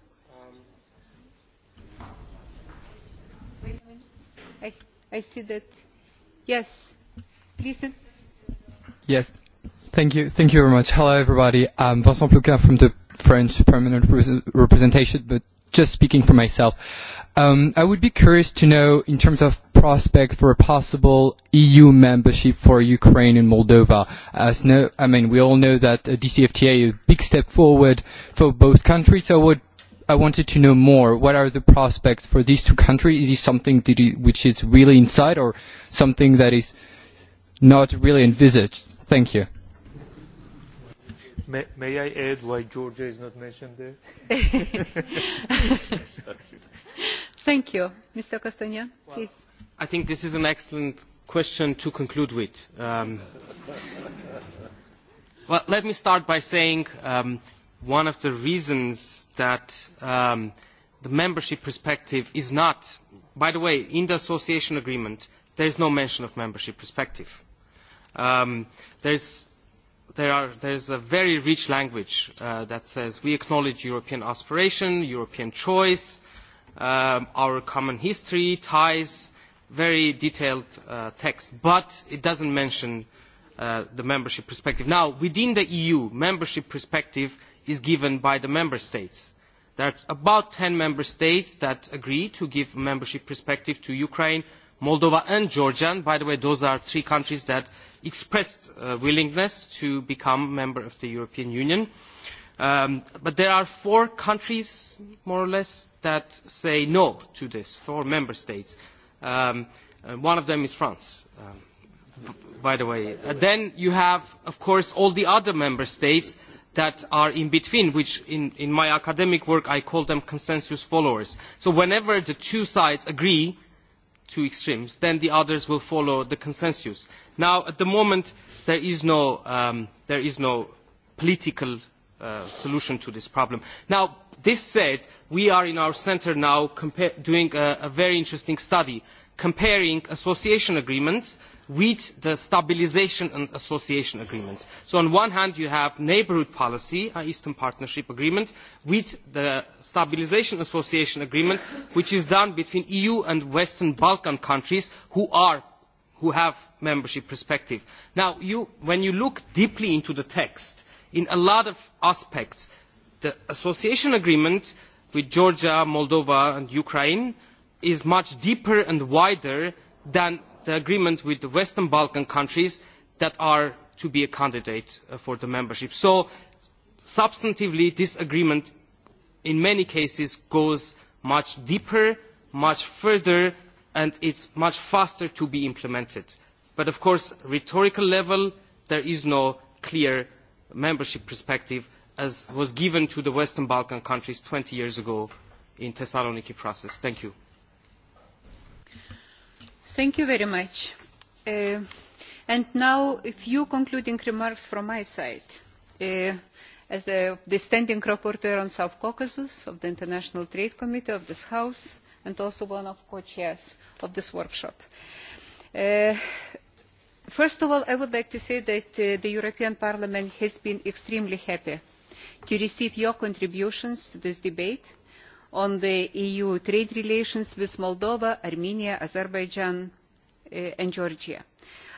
I I see that. Yes. Please. Yes. Thank you. Thank you very much. Hello, everybody. I'm Vincent Plouquin from the French Permanent Representation, but just speaking for myself. I would be curious to know, in terms of prospect for a possible EU membership for Ukraine and Moldova? As no, I mean, we all know that the DCFTA is a big step forward for both countries. I would I wanted to know more. What are the prospects for these two countries? Is this something which is really inside or something that is not really envisaged? Thank you. May I add why Georgia is not mentioned there? Thank you. Mr. Castagnan, please. I think this is an excellent question to conclude with. Well, let me start by saying one of the reasons that the membership perspective is not, by the way, in the association agreement, there is no mention of membership perspective. There is a very rich language that says we acknowledge European aspiration, European choice, our common history, ties very detailed text, but it doesn't mention the membership perspective. Now, within the EU, membership perspective is given by the member states. There are about 10 member states that agree to give membership perspective to Ukraine, Moldova and Georgia. By the way, those are three countries that expressed willingness to become member of the European Union. But there are four countries, more or less, that say no to this, four member states. Um One of them is France, by the way. Then you have, of course, all the other member states that are in between, which in my academic work I call them consensus followers. So whenever the two sides agree, two extremes, then the others will follow the consensus. Now, at the moment, there is no there is no political solution to this problem. Now, this said, we are in our centre now doing a very interesting study comparing association agreements with the stabilisation and association agreements. So on one hand you have neighbourhood policy, an Eastern Partnership Agreement, with the stabilisation association agreement which is done between EU and Western Balkan countries who are who have membership perspective. Now when you look deeply into the text in a lot of aspects. The association agreement with Georgia, Moldova and Ukraine is much deeper and wider than the agreement with the Western Balkan countries that are to be a candidate for the membership. So, substantively, this agreement in many cases goes much deeper, much further, and it's much faster to be implemented. But, of course, at rhetorical level, there is no clear membership perspective as was given to the Western Balkan countries 20 years ago in the Thessaloniki process. Thank you. Thank you very much. And now a few concluding remarks from my side. As the standing rapporteur on South Caucasus of the International Trade Committee of this House and also one of co-chairs of this workshop first of all i would like to say that the european parliament has been extremely happy to receive your contributions to this debate on the eu trade relations with moldova armenia azerbaijan and georgia.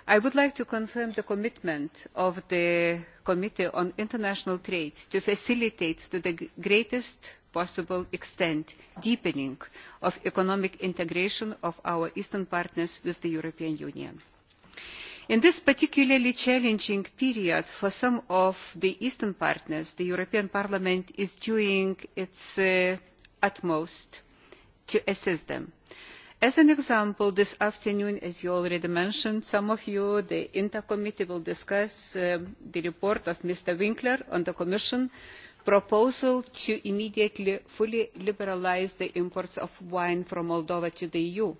i would like to confirm the commitment of the committee on international trade to facilitate to the greatest possible extent deepening of economic integration of our eastern partners with the european union in this particularly challenging period for some of the eastern partners the european parliament is doing its utmost to assist them. as an example this afternoon as you already mentioned some of you the inta committee will discuss the report of mr winkler on the commission proposal to immediately fully liberalise the imports of wine from moldova to the eu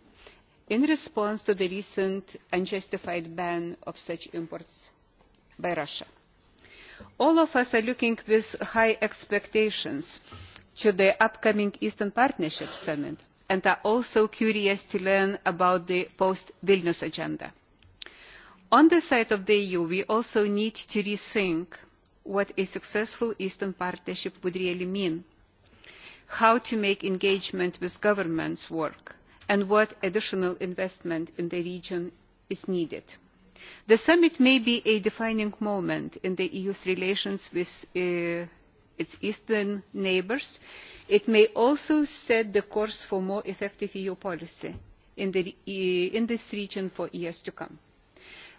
in response to the recent unjustified ban of such imports by Russia. All of us are looking with high expectations to the upcoming Eastern Partnership Summit and are also curious to learn about the post-Vilnius agenda. On the side of the EU, we also need to rethink what a successful Eastern Partnership would really mean, how to make engagement with governments work, and what additional investment in the region is needed. The summit may be a defining moment in the EU's relations with its eastern neighbours. It may also set the course for more effective EU policy in this region for years to come.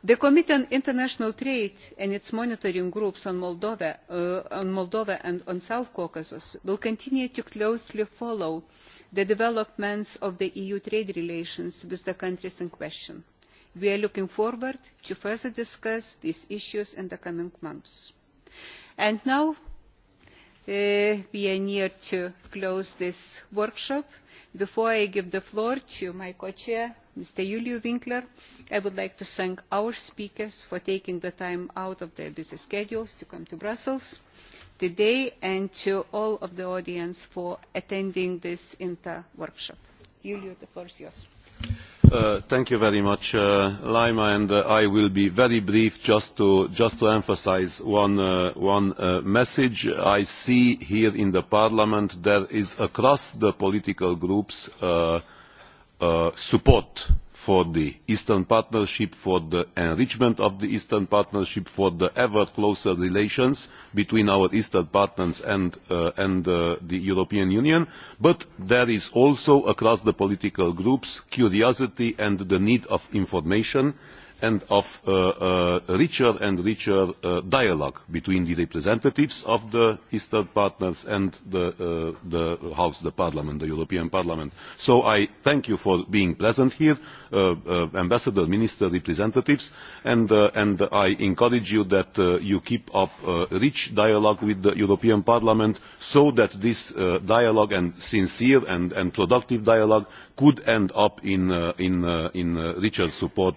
The Committee on International Trade and its monitoring groups on Moldova and on South Caucasus will continue to closely follow the developments of the EU trade relations with the countries in question. We are looking forward to further discuss these issues in the coming months. And now we are near to close this workshop. Before I give the floor to my co-chair, Mr. Julio Winkler, I would like to thank our speakers for taking the time out of their busy schedules to come to Brussels today and to all of the audience for attending this inter workshop. Julio, the floor Thank you very much, Lima, and I will be very brief just to just to emphasise one message. I see here in the Parliament there is across the political groups support for the Eastern Partnership, for the enrichment of the Eastern Partnership, for the ever closer relations between our Eastern partners and the European Union, but there is also across the political groups curiosity and the need of information and of richer and richer dialogue between the representatives of the Eastern partners and the House, the Parliament, the European Parliament. So I thank you for being present here, Ambassador, Minister, representatives, and I encourage you that you keep up rich dialogue with the European Parliament so that this dialogue and sincere and productive dialogue could end up in richer support